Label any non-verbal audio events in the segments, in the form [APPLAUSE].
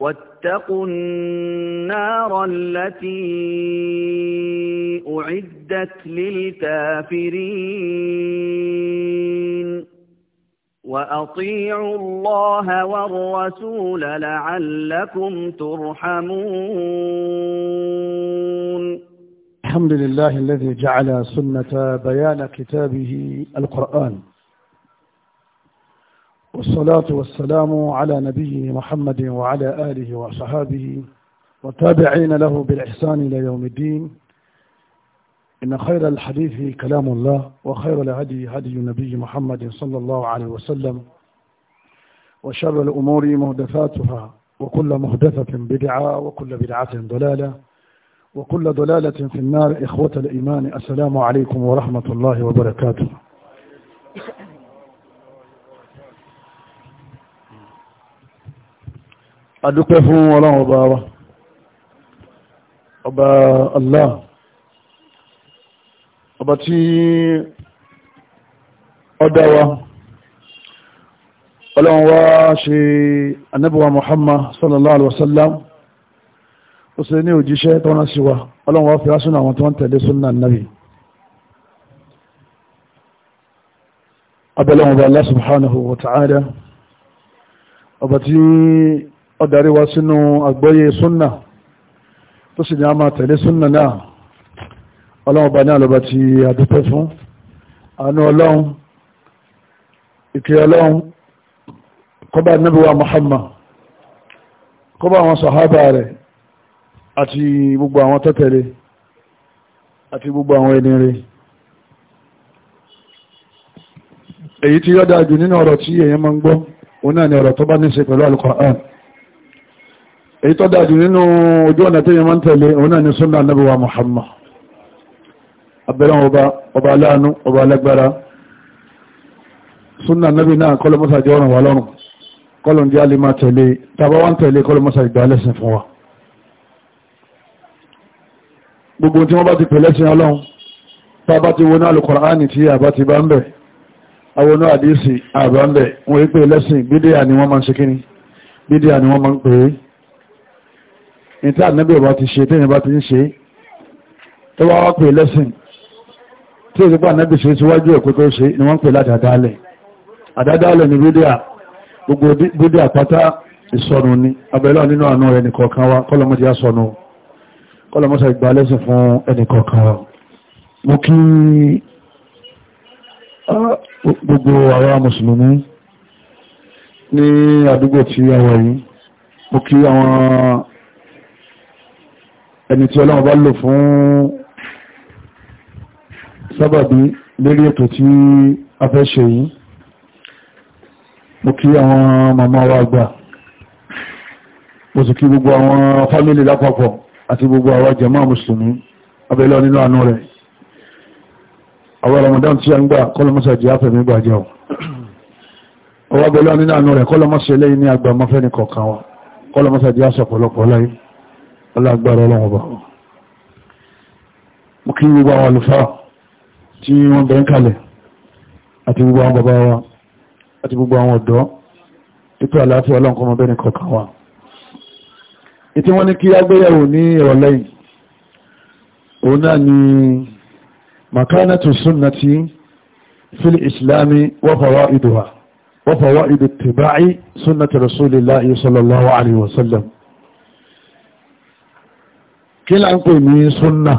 واتقوا النار التي أعدت للكافرين وأطيعوا الله والرسول لعلكم ترحمون الحمد لله الذي جعل سنة بيان كتابه القرآن والصلاة والسلام على نبينا محمد وعلى آله وصحابه وتابعين له بالإحسان إلى يوم الدين إن خير الحديث كلام الله وخير الهدي هدي نبي محمد صلى الله عليه وسلم وشر الأمور مهدفاتها وكل مهدفة بدعة وكل بدعة ضلالة وكل ضلالة في النار إخوة الإيمان السلام عليكم ورحمة الله وبركاته adúpẹ́ fún ọlọ́run ọba wa ọba Allah ọba tí ọdá wa ọlọ́run wá ṣe anábíwa Muhammad sallallahu alaihi wasallam ó ṣe ní òjíṣẹ́ tó rán sí wa ọlọ́run wá fi rásùn àwọn tó ń tẹ̀lé súnnà náà abẹ́lẹ́wọ̀n bá Allah subhanahu wa ọba tí ọdarí wa sínú àgbọ́yé súnnà tó sì ní a máa tẹ̀lé súnnà náà ọlọ́run bá ní àlọ́bà ti àdúpẹ́ fún àánú ọlọ́run ìkẹ́ ọlọ́run kọba níbiwa Muhammad kọba àwọn sàhábà rẹ̀ àti gbogbo àwọn tọ́tẹ̀lé àti gbogbo àwọn ẹni èyí tí yọ́dá jù nínú ọ̀rọ̀ tí èyàn máa ń gbọ́ òun náà ni ọ̀rọ̀ tó bá ní ṣe pẹ̀lú Al-Qur'an èyí tó dájú nínú ojú ọ̀nà tí yẹn máa ń tẹ̀lé òun náà ni súnà Ànábì wa Muhammad abẹ́rẹ́ ọba ọba aláàánú ọba alágbára súnà Ànábì náà kọlọmọ́sà jẹ́ ọ̀ràn wà lọ́rùn kọlọ̀n jẹ́ alìmá tẹ̀lé tàbá wá ń tẹ̀lé kọlọmọ́sà ìgbà lẹ́sìn fún wa gbogbo tí wọ́n bá ti pè lẹ́sìn ọlọ́run níta ànábì ọba ti ṣe tẹ́yìn bá ti ń ṣe tó wá wá pè lẹ́sìn tí èdè pa ànábì ṣe síwájú ẹ̀kọ́ tó ṣe ni wọ́n pè láti àdálẹ̀ àdádálẹ̀ ni bídíà gbogbo bídíà pátá ìsọnù ni abẹ́lá nínú àánú rẹ̀ nìkọ̀ọ̀kan wa kọ́lọ́mọdé àsọnù kọ́lọ́mọsà ìgbà lẹ́sìn fún ẹnìkọ̀ọ̀kan wa mo kí gbogbo àwọn mùsùlùmí ní àdúgbò tí a yìí mo kí àwọn ẹni tí ọlọ́run bá lò fún sábàbí lérí ètò tí a fẹ́ ṣe yìí mo kí àwọn màmá wa gbà mo sì kí gbogbo àwọn fámílì lápapọ̀ àti gbogbo àwọn jàmáà mùsùlùmí abẹ́lẹ́ nínú àánú rẹ̀ àwọn Ramadan tí a ń gbà kọ́lọ́mọ́sà jẹ́ àfẹ̀mí gbàjẹ́ ọ̀ ọwọ́ abẹ́lẹ́ nínú àánú rẹ̀ kọ́lọ́mọ́sà ilé ní àgbà mọ́fẹ́ wa kọ́lọ́mọ́sà jẹ́ àṣọ̀pọ̀lọpọ̀ láyé ọlágbára ọlọ́ọ̀bọ̀ mú kí gbogbo àwọn àlùfáà tí wọ́n bẹ̀ ń kalẹ̀ àti gbogbo àwọn bàbá wa àti gbogbo àwọn ọ̀dọ́ títí àlàáfíà ọlọ́nkọmọ bẹ́ni kọ̀ọ̀kan wa ìtí wọ́n ní kí agbéyẹ̀wò ní ìrọ̀lẹ́ yìí òun náà ni makanatu sunnati fil islami wa sallallahu alaihi wasallam kí là ń pè ní súnà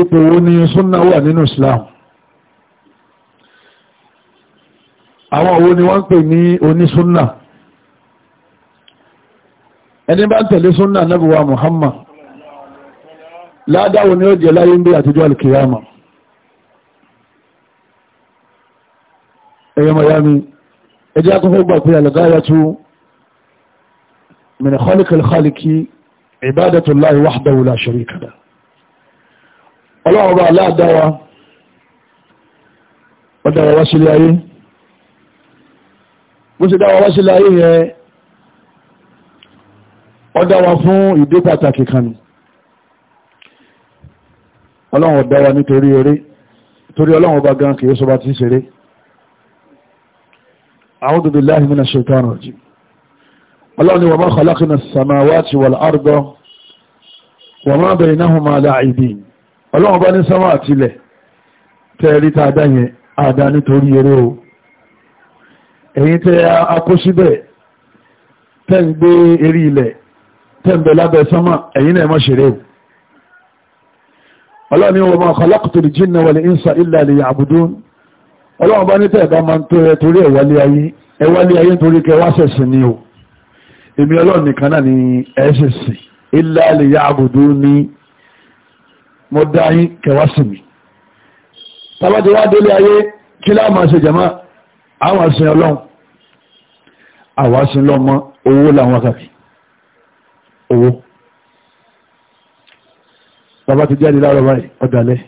ipò wo ni súnà wà nínú Islam àwọn wo ni wọ́n ń pè ní onísúnà ẹni bá ń tẹ̀lé súnà nẹ́bùwà Muhammad ládáwò ni ó jẹ láyé ń bí àtijọ́ alìkìyàmà ẹ̀yọ́mọ̀ mi ẹjẹ́ akọ́fẹ́ gbà pé àlùkáyà tún من خالق الخالق عبادة الله وحده لا شريك له ọlọ́run bá aláàdáwà ó dára wá sílé ayé bó ṣe dára wá sílé ayé yẹn ó dára fún ìdí pàtàkì kan ọlọ́run dára nítorí eré torí ọlọ́run bá gan kìí sọba tí ń ṣeré a'udhu billahi minash shaitanir rajim ọlọ́ni wọ́n máa kọlákínà samawati wal arda wọ́n máa bẹ̀rẹ̀ náà máa láàìdí ọlọ́run bá ní sánmà àtilẹ̀ tẹ́ẹ̀rí ta dá yẹn àdá nítorí eré o èyí tẹ́ akóṣíbẹ̀ tẹ́ ń gbé eré ilẹ̀ tẹ́ ń bẹ lábẹ́ sánmà èyí náà mọ́ ṣeré o ọlọ́ni wọ́n máa khalaqtul jinna wal insa illa liya'budun ọlọ́run bá ní tẹ́ẹ̀ bá máa ń torí ẹ̀wálé ayé ẹ̀wálé ayé nítorí kẹwàá ṣẹ̀sìn ni o èmi ọlọ́run nìkan náà ni ẹ̀ṣẹ̀ sí illa liya'buduni mo dá yín kẹwàá sí mi tàbátí wá délé ayé kí láà máa ṣe jàmá àwọn àṣìn ọlọ́run àwọn àṣìn lọ́mọ owó làwọn kàkì owó bàbá ti jáde láàrọ̀ báyìí ọ̀dàlẹ̀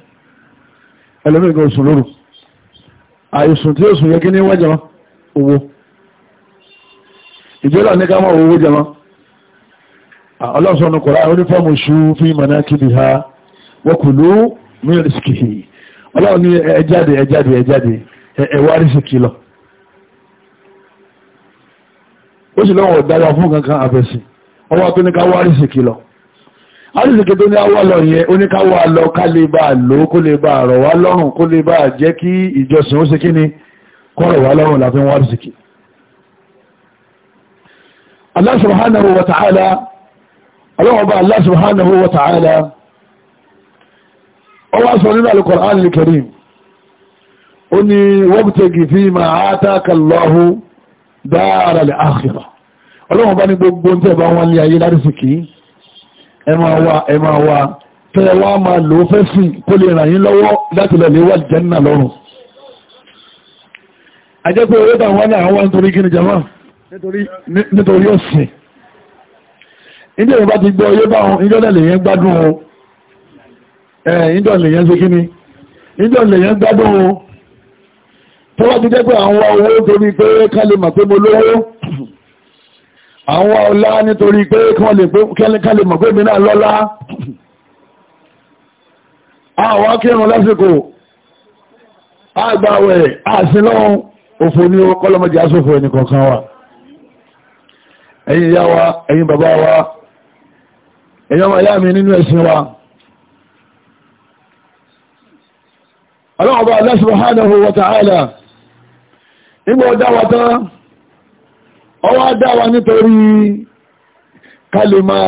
ẹlòmíì kan lóru àìsùn tí ó yẹ kí ní wájà owó ìjọ́lá ní ká máa owó jẹ wọn ọlọ́sọ̀nù kọ̀rọ̀ onífọ́ọ̀mù ṣú fí mọ̀nà kíbi ha wọ́kùlú mílíọ̀nù síkìhì ọlọ́run ní ẹjáde ẹjáde ẹjáde ẹwà rísìkì lọ ó sì lọ́wọ́ ìdájọ́ fún kankan àfẹ́sì ọwọ́ tó ní ká wá rísìkì lọ àrísìkì tó ní awọ́ lọ yẹn ká lè bá lò kó lè bá rọ̀ wá lọ́rùn kó lè bá jẹ́ kí ìjọsìn ó ṣe kí ni kọ́rọ̀ wá lọ́rùn láfi wá rísìkì Allah subhanahu wa ta'ala ọlọ́wọ́ bá Allah subhanahu wa ta'ala ọ wá sọ nínú al-Qur'an al-Karim ó ní wabtaghi fima ataka Allahu daral akhirah ọlọ́wọ́ bá ní gbogbo ń tẹ́ bá wọn lé ayé lárísìkí ẹ máa wá ẹ máa wá tẹ́ wá máa lò ó fẹ́ sí kó lè ràn yín lọ́wọ́ láti lọ lè wà jẹ́nà lọ́rùn ajẹ́pẹ́ orí tàwọn náà wọ́n torí kí jama'a nítorí ọ̀sìn ìdí ìrìnbá ti gbọ́ yóò bá wọn ìjọ́lẹ̀ lèyẹn gbádùn wọn ìjọ́lẹ̀ lèyẹn ṣe kíní ìjọ́lẹ̀ lèyẹn gbádùn wọn tó wá ti jẹ́ pé àwọn owó torí pé ká lè mà pé mo lówó àwọn ọlá nítorí pé ká lè mà pé mi náà lọ́lá àwọn akẹ́rùn lásìkò àgbàwẹ̀ àṣìlọ́run òfò ní ọkọ́lọ́mọdé aṣòfò ẹnì kọ̀ọ̀kan wa ẹ̀yin ìyá wa ẹ̀yin bàbá wa ẹ̀yin ọmọ ìyá mi nínú ẹ̀sìn wa ọlọ́ọ̀bá Allah subhanahu wa ta'ala nígbà ọdá wa tán ọwọ́ dá wa nítorí kálímà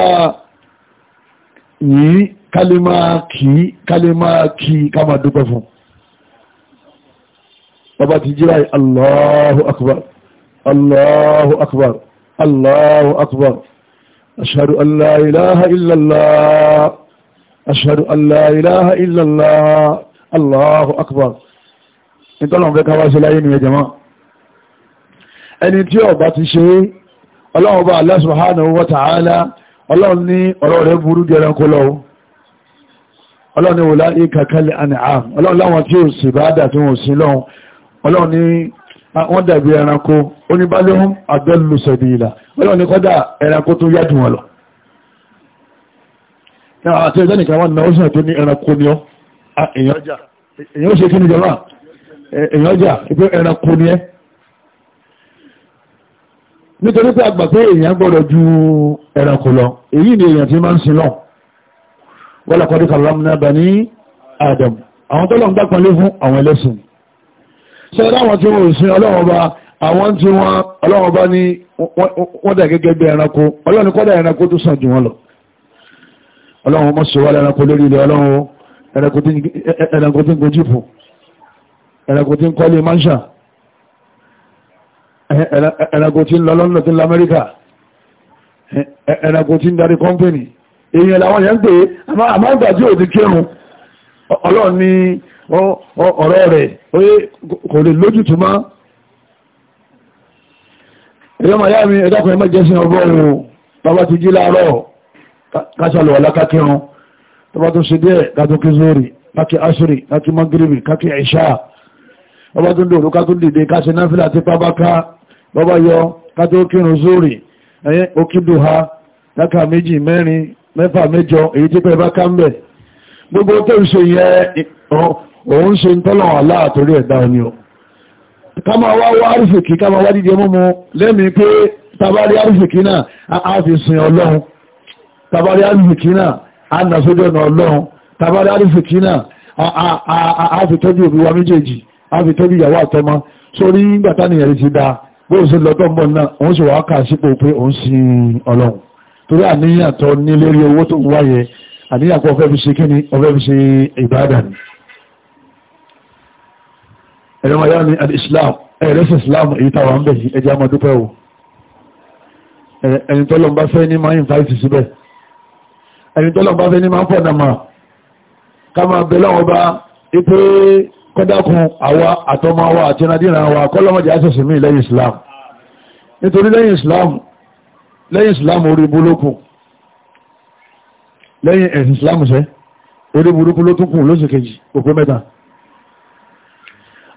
yìí kálímà kìí kálímà kìí ká máa dúpẹ́ fún bàbá ti jíra Allahu akbar Allahu akbar الله أكبر أشهد أن لا إله إلا الله أشهد أن لا إله إلا الله الله أكبر انت لهم بك واسي لعين يا جماعة ẹni tí ó bá ti ṣe ọlọ́run bá Allah subhanahu wa ta'ala ọlọ́run ní ọ̀rọ̀ rẹ̀ burú jẹranko lọ́wọ́ ọlọ́run ní wòlá ìkàkẹ́lẹ̀ àníhàn ọlọ́run láwọn tí ó sì bá dà tí wọ́n sí lọ́wọ́ ọlọ́run ní wọ́n dàbí ẹranko oníbálẹ́hún àdẹ́lùsẹ̀bì ìlà wọ́n ní kọ́dà ẹranko tó yádùn wọn lọ àti ẹjọ́ nìkan wọn náà ó sàn tó ní ẹranko ni ọ́ èyàn ó ṣe kí ni jọba èyàn ọjà ìpé ẹranko ni ẹ́ nítorí pé àgbà pé èyàn gbọ́dọ̀ ju ẹranko lọ èyí ni èyàn ti máa ń sin lọ wọ́n lọ́kọ́ dí Adam àwọn tó lọ ń gbá ṣe láwọn tí wọ́n sin ọlọ́wọ́n bá àwọn tí wọ́n ọlọ́wọ́n bá ní wọ́n dà gẹ́gẹ́ bí ẹranko ọlọ́wọ́n kọ́dà ẹranko tó sàn jù wọ́n lọ ọlọ́wọ́n mọ́ sọ wá ẹranko lórí ilẹ̀ ọlọ́wọ́n ẹranko tí ń gojú fún ẹranko tí ń kọ́lé mansa ẹranko tí ń lọ lọ́nà tí ń lọ Amẹ́ríkà ẹranko tí ń darí kọ́mpẹ́nì èèyàn làwọn yẹn ń pè é àmọ́ àgbà tí ò ọ̀rọ̀ rẹ̀ kò lè lójútù máa ẹjọ́ ma yá mi ẹ̀dàkùn ẹmọ́ jẹ́sìn ọgbọ́rùn bàbá ti jí láàárọ̀ káṣàlọ̀ alákàkírun tó ṣe díẹ̀ kátó kí zórí asiri kákí magribi kákí aisha bàbá tó dòrò kátó dìde káṣẹ náfílà ti bàbá yọ kátó kírun Okidu ha méjì mẹ́rin mẹ́fà mẹ́jọ èyí pẹ́ bá ká ń bẹ̀ gbogbo tó ń ṣe yẹ òun ṣe ń tọ́lọ̀ aláàtorí ẹ̀dá oní o kama wá wá àrífèkí kama wá dídí mú mú lẹ́mìí pé tabari àrífèkí náà a fi sin ọlọ́run tabari àrífèkí náà a nà sójú ọ̀nà ọlọ́run tabari àrífèkí náà a fi tọ́jú òbí wa méjèèjì a fi tọ́jú ìyàwó àtọmọ sórí gbàtà nìyẹn ti da bó ṣe lọ́tọ̀ mọ́ náà òun ṣe wàá kà sípò pé òun sin ọlọ́run torí àníyàn tó ní ẹ̀rọ wọn yá ní al-islam ẹ̀rẹ́ sí islam èyí táwà ń bẹ̀ yìí ẹjẹ́ a máa dúpẹ́ o ẹni tọ́lọ̀ ń bá fẹ́ ní máa ń fàìsì síbẹ̀ ẹni tọ́lọ̀ ń bá fẹ́ ní máa ń pọ̀ nàmà ká máa bá islam nítorí lẹ́yìn islam lẹ́yìn islam orí burúkú lẹ́yìn ẹ̀sìn islam sẹ́ orí burúkú ló tún kù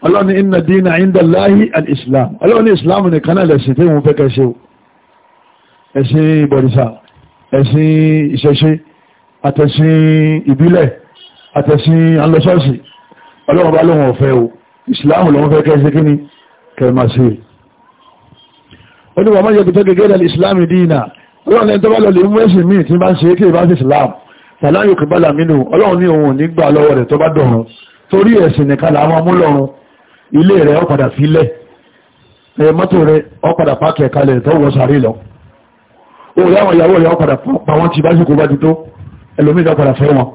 ọlọ́ni iná dínà ìndàláhí al'islam ọlọ́ni islam nìkan náà lẹ̀sìn tí wọ́n fẹ́ kẹsẹ̀ o ẹ̀sìn ìbọ̀rìṣà ẹ̀sìn ìṣẹ̀ṣe àtẹ̀sìn ìbílẹ̀ àtẹ̀sìn alọ́sọ́ọ̀sì ọlọ́wọ́n bá lóhun ọ̀fẹ́ o islam lọ́wọ́n fẹ́ kẹsẹ̀ kí ni kẹmàṣe ó ní wọ́n mọ́ yẹbi tó gẹ́gẹ́ lẹ́lẹ́ islam dínà ọlọ́ni ẹni tó bá lọlẹ̀ mú ẹ̀sìn míì tí bá ń ṣe kí ìbá sí islam tàlá yóò ilé rẹ̀ ọ padà sílẹ̀ ẹ mọ́tò rẹ̀ ọ padà páàkì ẹ̀ka lẹ̀ tó wọ sàárè lọ orí àwọn ìyàwó rẹ̀ ọ padà pa wọ́n ti básìkò bá ti tó ẹlòmídà padà fẹ́ wọn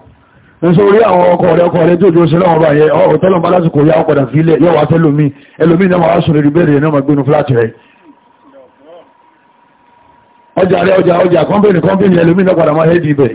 nítorí orí àwọn ọkọ rẹ̀ ọkọ rẹ̀ tó ojú ṣe láwọn ọba yẹ ọ̀tọ́lọ̀ bá lásìkò yá ọ padà sílẹ̀ yọ wá tẹ́lómi ẹlòmídà máa sùn lórí náà máa gbénu fúláàtì rẹ̀ ọjà rẹ̀ ọjà ọjà kọ́mpìnì kọ́mpìnì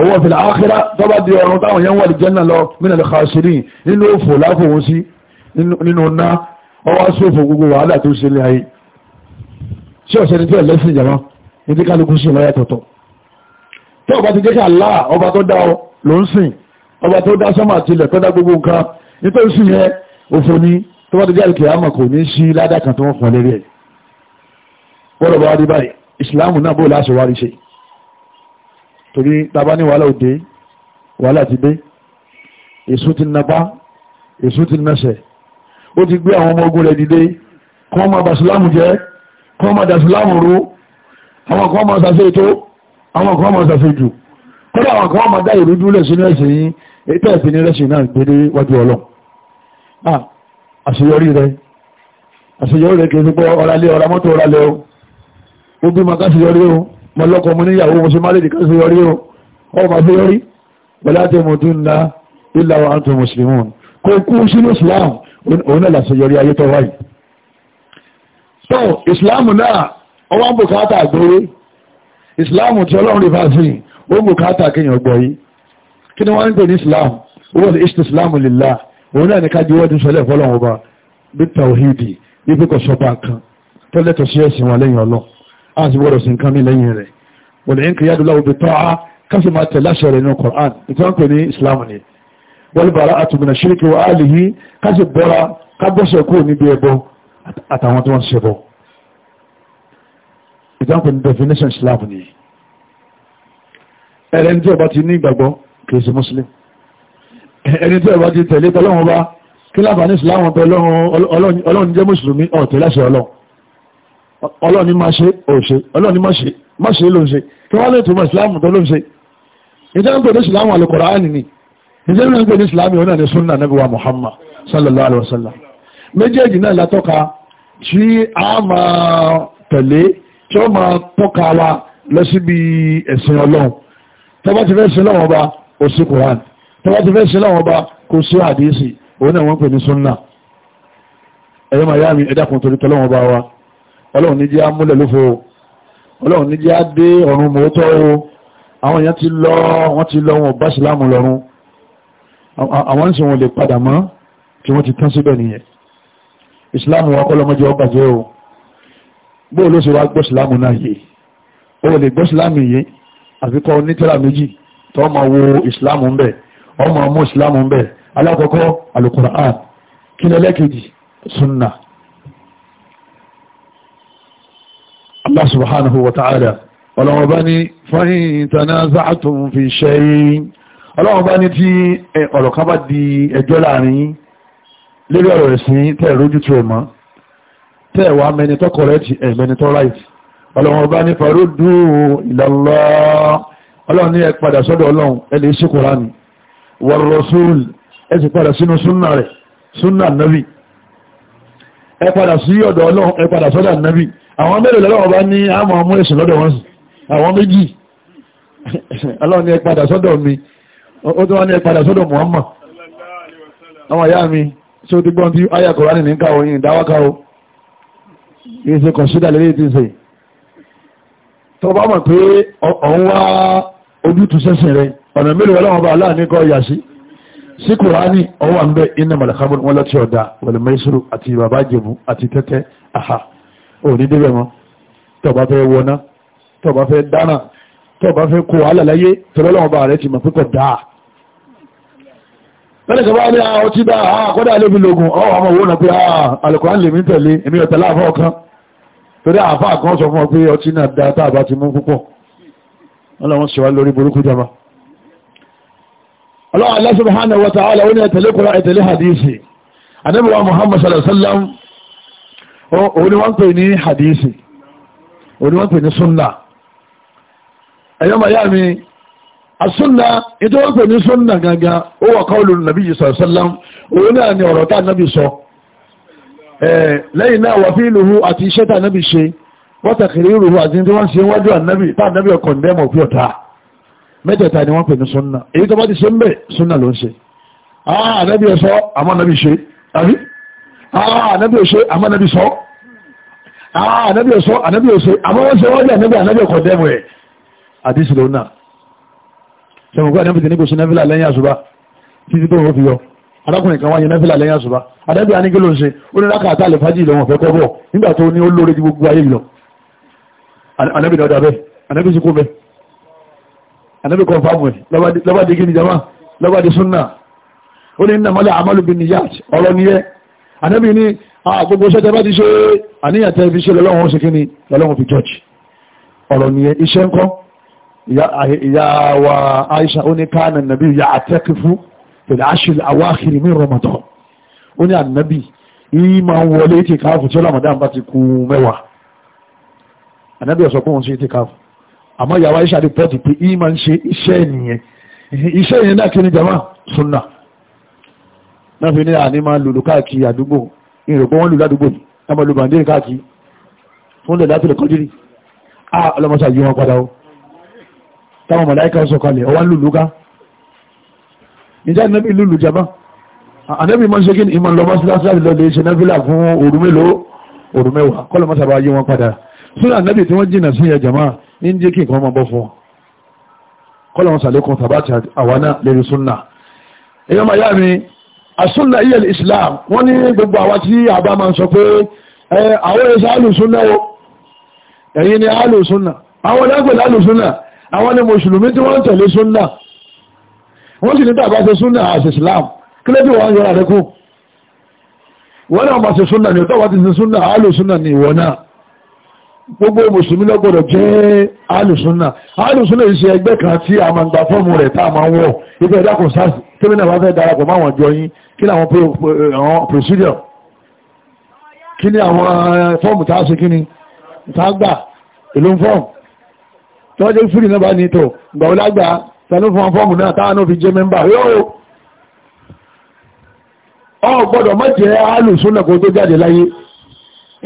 owó fìlà ákírá tọ́bá di ọ̀run táwọn yẹn wà lè jẹ́nà lọ mínà lè kàṣírí nínú òfò láfòun sí nínú ná ọwá sófò gbogbo wàhálà tó ṣe lé ayé ṣé ọ̀sẹ̀ ni tí ẹ̀ lẹ́sìn ìjàmá ní tí kálukú sí lọ́yà tọ̀tọ̀ tí ọba ti jẹ́ kí àlá ọba tó dá ọ ló ń sìn ọba tó dá torí tàbá ní wàhálà òde wàhálà ti dé èso ti napá èso ti nẹsẹ̀ ó ti gbé àwọn ọmọ ogun rẹ̀ dìde kọ́ ma bà sílámù jẹ́ kọ́ ma dà sílámù rú àwọn kan ma sàṣe ètò àwọn kan ma sàṣe jù kọ́dà àwọn kan ma dá ìrújú lẹ̀ sínú ẹ̀sìn yìí ètò ẹ̀sìn ní rẹ̀sìn náà gbé wájú ọlọ́run àṣeyọrí rẹ̀ àṣeyọrí rẹ̀ kì mo lọ́kọ mo níyàwó mo ṣe málédì kan ṣe yọrí o ọ ma ṣe yọrí pẹ̀lú àti mudunna illa wa antum muslimun kò kú sínú islam òun náà làṣẹ yọrí ayé tó wáyé tó islam náà ọwọ́ ń bùkátà gbóyé islam tí ọlọ́run rí fásí ó ń bùkátà kéèyàn gbọ́ yìí kí ni wọ́n ń pè ní islam owó ní istislamu lillah òun náà ní ká juwọ́ sọlẹ̀ fọlọ́run ọba bí tawhidi bí pẹ́kọ̀ sọba kan tó sí ẹ̀sìn wọn lẹ́yìn ọlọ́run a sì wọ́rọ̀ sí nǹkan mi lẹ́yìn rẹ̀ wọ̀lẹ̀ yẹn kìí adúláwò bí tọ́ a kásì máa tẹ̀lé àṣẹ rẹ̀ nínú Qur'an ìtàn pè ní Islam ni wọ́n bàrá àtùmìnà ṣíríkì wa á lè yí bọ́ra kábọ́sẹ̀ kúrò níbi ẹbọ àtàwọn tó wọ́n ṣe bọ́ ìtàn pè ní definition Islam ni ẹ̀rẹ́ tí ọba ti ní ìgbàgbọ́ kìí ṣe Muslim ẹni tí ọba ti tẹ̀lé tọ́lọ́wọ́n bá kí láǹfààní Islam tọ́lọ́wọ́n ọlọ́run jẹ́ Mùsùlùmí ọ̀tẹ̀ láṣẹ ọlọ́run ọlọ́ni máa ṣe òṣè ọlọ́ni máa ṣe máa ṣe ló ń ṣe kí wọ́n lè túmọ̀ ìsìláàmù tó ló ń ṣe ìjẹ́ ń pè ní ìsìláàmù Al-Kùránì ni ìjẹ́ ń pè ní ìsìláàmù ọ̀nà ní súnà Nábì Muhammad sallallahu alaihi wasallam méjèèjì náà látọ́ka tí a máa tẹ̀lé tí ó máa tọ́ka wa lọ síbi ẹ̀sìn ọlọ́run tọ́ba ti fẹ́ sin lọ́wọ́ ọba kò sí Kùránì tọ́ba ti fẹ́ sin lọ́wọ́ ọba kò sí àdìsí òun náà wọ́n pè ní súnà ẹ̀yọ́ màá yá mi ẹ̀dá kan torí tọ́lọ́wọ́ ọba wa ọlọ́run ní jẹ́ amúlẹ̀ lófo ọlọ́run ní jẹ́ adé ọ̀run mọ́tọ́ o àwọn èèyàn ti lọ wọ́n ti lọ wọn bá sílámù lọ́run àwọn ń sìn wọn lè padà mọ́ tí wọ́n ti tán síbẹ̀ nìyẹn ìsìlámù wa kọ́lọ́mọ́jọ ọgbàjẹ́ o bóò ló ṣe wá gbọ́ sílámù náà yìí o lè gbọ́ sílámù yìí àfikọ́ onítẹ́lá méjì tó máa wo ìsìlámù ń bẹ̀ ọmọ ọmọ ìsìlámù ń bẹ̀ alákọ̀ọ́kọ́ alukura'an kí lẹ́lẹ́kejì sunna Allah subhanahu wa ta'ala ọlọ́wọ́ bá ní fahim tanaza'tum fi shay'in ọlọ́wọ́ bá ní tí ọ̀rọ̀ ká bá di ẹjọ́ láàrin lérí ọ̀rọ̀ ẹ̀sìn tẹ́ rójú tó mọ́ tẹ́ wà mẹni tó correct ẹ̀mẹni tó right ọlọ́wọ́ bá ní faruddu ila Allah ọlọ́run ní ẹ padà sọ́dọ̀ ọlọ́run ẹlẹ́ sí kòránì war rasul ẹ sì padà sínú súnà rẹ̀ súnà nàbì ẹ padà sí ọ̀dọ̀ ọlọ́run ẹ padà sọ́dọ̀ nàbì àwọn mẹ́rin lọ́wọ́ bá ní àmọ́ ọmọ ẹ̀sùn lọ́dọ̀ wọn sí àwọn méjì Allah ní ẹ sọ́dọ̀ mi ó tó wá ní ẹ padà sọ́dọ̀ Muhammad àwọn àyá mi tí ó ti gbọ́n tí àyà Kùránì ní káwọ yìí dáwákáwọ ìṣe kọ̀ṣídà lórí ti ṣe tó bá mọ̀ pé ọ̀hún wá ojútùú sẹ́sìn rẹ̀ ọ̀nà mẹ́rin lọ́wọ́ bá aláàní kọ́ yà sí sí Kùránì ọwọ́ àmì bẹ́ innamal khamru wal ọtí ọ̀dà wal àti bàbá jẹ̀bù àti tẹ́tẹ́ àhà òní débẹ̀ wọn tọba fẹ́ wọná tọba fẹ́ dáná tọba fẹ́ kó wàhálà láyé tọlọ́lọ́wọ́ bá rẹ̀ ti mọ̀ pípọ̀ dáa lẹ́lẹ̀ tó bá ní àwọn tí bá àkọ́dá lébi lògùn ọwọ́ ọmọ owó náà pé alùkùrán ah, lè mí tẹ̀lé èmi ọ̀tẹ̀ láàfá ọ̀kan torí àfá kan sọ fún ọ pé ọtí náà dá tàbá ti mú púpọ̀ wọ́n lọ́wọ́n ṣe wá lórí burúkú jama Allah subhanahu wa ta'ala ó ní ẹ̀tẹ̀lé Kùránì ẹ̀tẹ̀lé hadisi anábìwá Muhammad sallallahu alaihi wasallam òun ni ní hadisi òun ni wọ́n a ní sunna ẹ̀yọ́ màyá mi asúnna ètò wọ́n pè ní sunna gangan ó wà nàbí ni ọ̀rọ̀ tá nàbí sọ lẹ́yìn náà wà fíìlùhù àti iṣẹ́ tá nàbí ṣe wọ́n tàkìrí ìrùhù àti tí wọ́n ṣe wájú ànábì tá nàbí ọkọ̀ ndẹ́mọ̀ ni wọ́n ní sunna èyí tó bá ti ṣe sunna ló ń ṣe ah ẹ̀ sọ àmọ́ Ah, ànábì òṣè àmọ́ ànábì sọ ah, ànábì òṣọ ànábì òṣè àmọ́ wọ́n ṣe wọ́n jẹ́ ànábì ànábì ọkọ̀ dẹ́mu ẹ̀ àdìsí lòun náà sẹ̀mùkú ànábì tí ní kò sí nẹ́fìlà lẹ́yìn àṣùbá títí tó wọ́n fi yọ arákùnrin kan wáyé nẹ́fìlà lẹ́yìn àṣùbá ànábì àníkí ló ń ṣe ó ní rákàtà àlèfájì ìlọ́wọ̀n fẹ́ kọ́ bọ̀ nígbà tó ní ó lóore ju gbogbo ayé lọ ànábì náà dàbẹ́ ànábì sí kó bẹ́ ànábì kan fáàmù ẹ̀ lọ́bàdì kí ni jama lọ́bàdì súnà ó ní nàmọ́lẹ̀ àmọ́lù bí niyat ọ̀rọ̀ niyẹ́ ànábì ní àgbogbo ah, ṣẹ́tẹ́ bá ti ṣe àníyàn tẹ́ fi ṣe lọ́lọ́run ó ṣe kí ni lọ́lọ́run fi jọ́ọ̀jì ọ̀rọ̀ nìyẹn iṣẹ́ ńkọ́ ìyá wa Aisha ó ní káànà nàbí ìyá àtẹ́kìfú pẹ̀lú àṣìlẹ̀ àwáàkiri min Ramadan ó ní ànábì yìí máa ń wọlé ètì káàfù tí Ramadan bá ti kú mẹ́wàá ànábì ọ̀sọ̀ pé náà fi ní àní máa lùlù káàkiri àdúgbò ìrògbó wọn lùlù àdúgbò yìí ẹmọ lùlù bàndínì káàkiri fún lè rí a ọlọ́mọṣà yí wọn padà ó táwọn mọ̀láíkà sọ kalẹ̀ ọwá lùlù ká ìjà ìnábì lùlù jama ànábì máa ń ṣe kí ni ìmọ̀ lọ́mọ síláṣíláṣí lọ́dẹ ṣe náfìlà fún òru mélòó òru mẹ́wàá kọ́lọ́mọṣà bá yí wọn padà sínú ànábì tí wọ́n jìnà sí ẹ̀ jama yá mi asúnà iyẹl islam wọ́n ní gbogbo àwa tí àbá máa sọ pé àwọn ẹ̀sẹ̀ alùsúnà o ẹ̀yin ni alùsúnà àwọn ẹ̀lẹ́gbẹ̀lẹ́ alùsúnà àwọn ni mùsùlùmí tí wọ́n tẹ̀lé súnà wọ́n sì ní tàbá ṣe súnà àṣẹ islam kí lẹ́bí wọ́n yọra rẹ kú wọ́n náà gbogbo mùsùlùmí lọ́gbọ̀dọ̀ jẹ́ alùsùnà alùsùnà yìí ṣe ẹgbẹ́ kan tí a máa ń gba fọ́ọ̀mù rẹ̀ tá a máa ń wọ̀ ibẹ̀ ẹ̀dá kò sáà tẹ́lẹ̀ náà wá fẹ́ darapọ̀ mọ́ àwọn ọjọ́ yín kí ni àwọn procedure kí ni àwọn eh, fọ́ọ̀mù tá a ṣe kí ni tá a gbà ìlú fọ́ọ̀mù tí wọ́n jẹ́ fúri náà bá ní tò gbà ó lágbà tẹnu fún fọ́ọ̀mù náà táwọn náà fi jẹ́ mẹ́mbà yóò ọ gbọ́dọ̀ má jẹ́ alùsùnà kó tó jáde láyé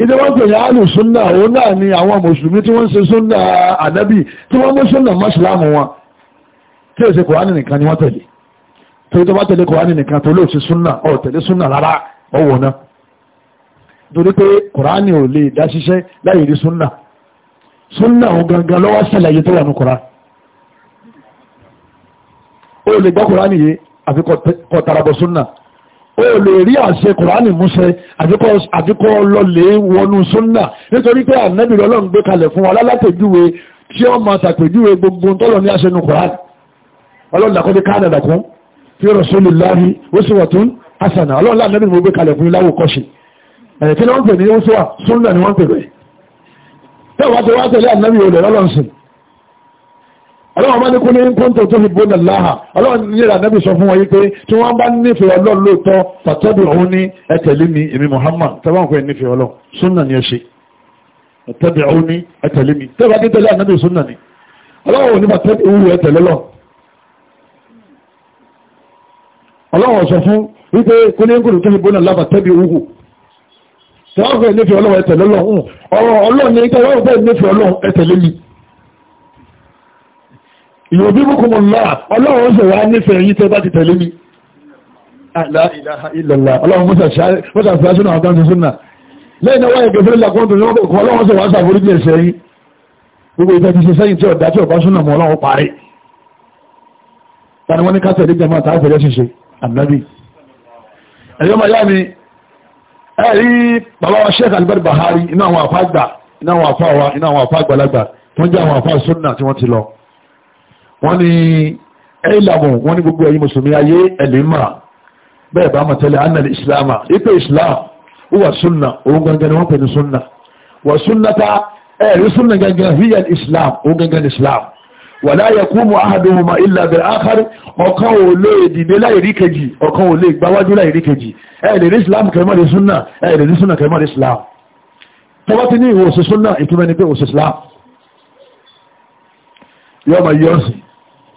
ìdí wọ́n pè ní alùsúnnà òun náà ni àwọn mùsùlùmí tí wọ́n ń ṣe súnnà ànábì tí wọ́n mú súnnà mọ́sùlámù wọn tí èsì kòránì nìkan ni wọ́n tẹ̀lé torí tó bá tẹ̀lé kòránì nìkan tó lóò sí súnnà ọ̀ tẹ̀lé súnnà rárá ọwọ́ náà torí pé kòránì ò lè dá ṣiṣẹ́ láì rí súnnà súnnà òun gangan lọ́wọ́ ṣàlàyé tó wà ní kòrán ó lè gbọ́ kòránì yìí àfi kọ̀ tarabọ̀ súnnà o lè rí àṣẹ kùránì múṣẹ àdíkọ́ lọlẹ̀ wọnú súnnà nítorí pé ànẹ́bì lọ́lọ́run gbé kalẹ̀ fún wa lálátẹ̀júwe tí ó máa tàpẹ̀júwe gbogbo tọ́lọ̀ ní àṣẹ nukùránì ọlọ́dàkọ́dé kánàdà kún fi rasulillahi uswatun hasana ọlọ́run ànẹ́bì mo gbé kalẹ̀ fún iláwò kọ́ṣe ẹ̀rẹ̀ tí wọ́n pè ní ó sọ́wà súnnà ni wọ́n pè rẹ̀ tẹ́wàá tẹ́wàá tẹ́lẹ̀ ànẹ́bì olè lọ́lọ́run sìn ọlọ́run bá ní kú ní kóńtò tó fi bóńdà láhà ọlọ́run ní ìrà nẹ́bí sọ fún wọn yí pé tí wọ́n bá nífẹ̀ẹ́ ọlọ́run lóòótọ́ fàtẹ́bì òun ní ẹ tẹ̀lé mi èmi Muhammad tẹ́wọ́n kò nífẹ̀ẹ́ ọlọ́run súnà ni ẹ ṣe fàtẹ́bì òun ní ẹ tẹ̀lé mi tẹ́wọ́n kí tẹ́lé ànábì súnà ni ọlọ́run ní fàtẹ́bì òun ẹ tẹ̀lé lọ. ọlọ́run sọ fún wípé kú ní kóńtò tó fi bóńdà láhà ìyòbí búkúmù lọ́à ọlọ́run ṣe wá nífẹ̀ẹ́ yí tẹ́ bá ti tẹ̀lé mi ọlọ́run mọ́sàfíà sínú àwọn tán sínú lẹ́yìn wáyé gẹ̀fẹ́ lákọ́ntò ọlọ́run ṣe wá sàforíjì ẹ̀ṣẹ̀ yí gbogbo ìtẹ́jú ṣe sẹ́yìn tí ọ̀dá tí ọ̀bá súnà mọ́ ọlọ́run parí tani wọ́n ní kátẹ̀lé jẹ́ máa tààfẹ̀lẹ́ ṣiṣẹ́ ànábì ẹ̀yọ́ máa yá mi ẹ̀rí bàbá wa Sheikh Albert Bahari iná àwọn àfáàgbà iná àwọn àfáàwà iná àwọn àfáàgbàlagbà tó ń jẹ́ àwọn àfáà súnà tí wọ́n ti lọ wọ́n ní ẹ̀ìlàmù wọ́n ní gbogbo ẹ̀yin mùsùlùmí ayé ẹ̀lẹ́mà bẹ́ẹ̀ bá mọ̀ tẹ́lẹ̀ annal islam ipe islam wà súnà òun gangan ni wọ́n pè ní súnà wà súnà ta ẹ̀rí súnà gangan hiya islam òun gangan islam wà láyé kú mu ahaduhuma illa bil akhar ọ̀kan ò lè dìde láì rí kejì ọ̀kan ò lè gbáwájú láì rí kejì ẹ̀rẹ̀ ní islam kẹmọ́ ní súnà ẹ̀rẹ̀ ní súnà kẹmọ́ ní islam tọ́wọ́ ti ní ìwòsí súnà ìtumẹ̀ pé òsì islam yọ́ ma yọ́ sí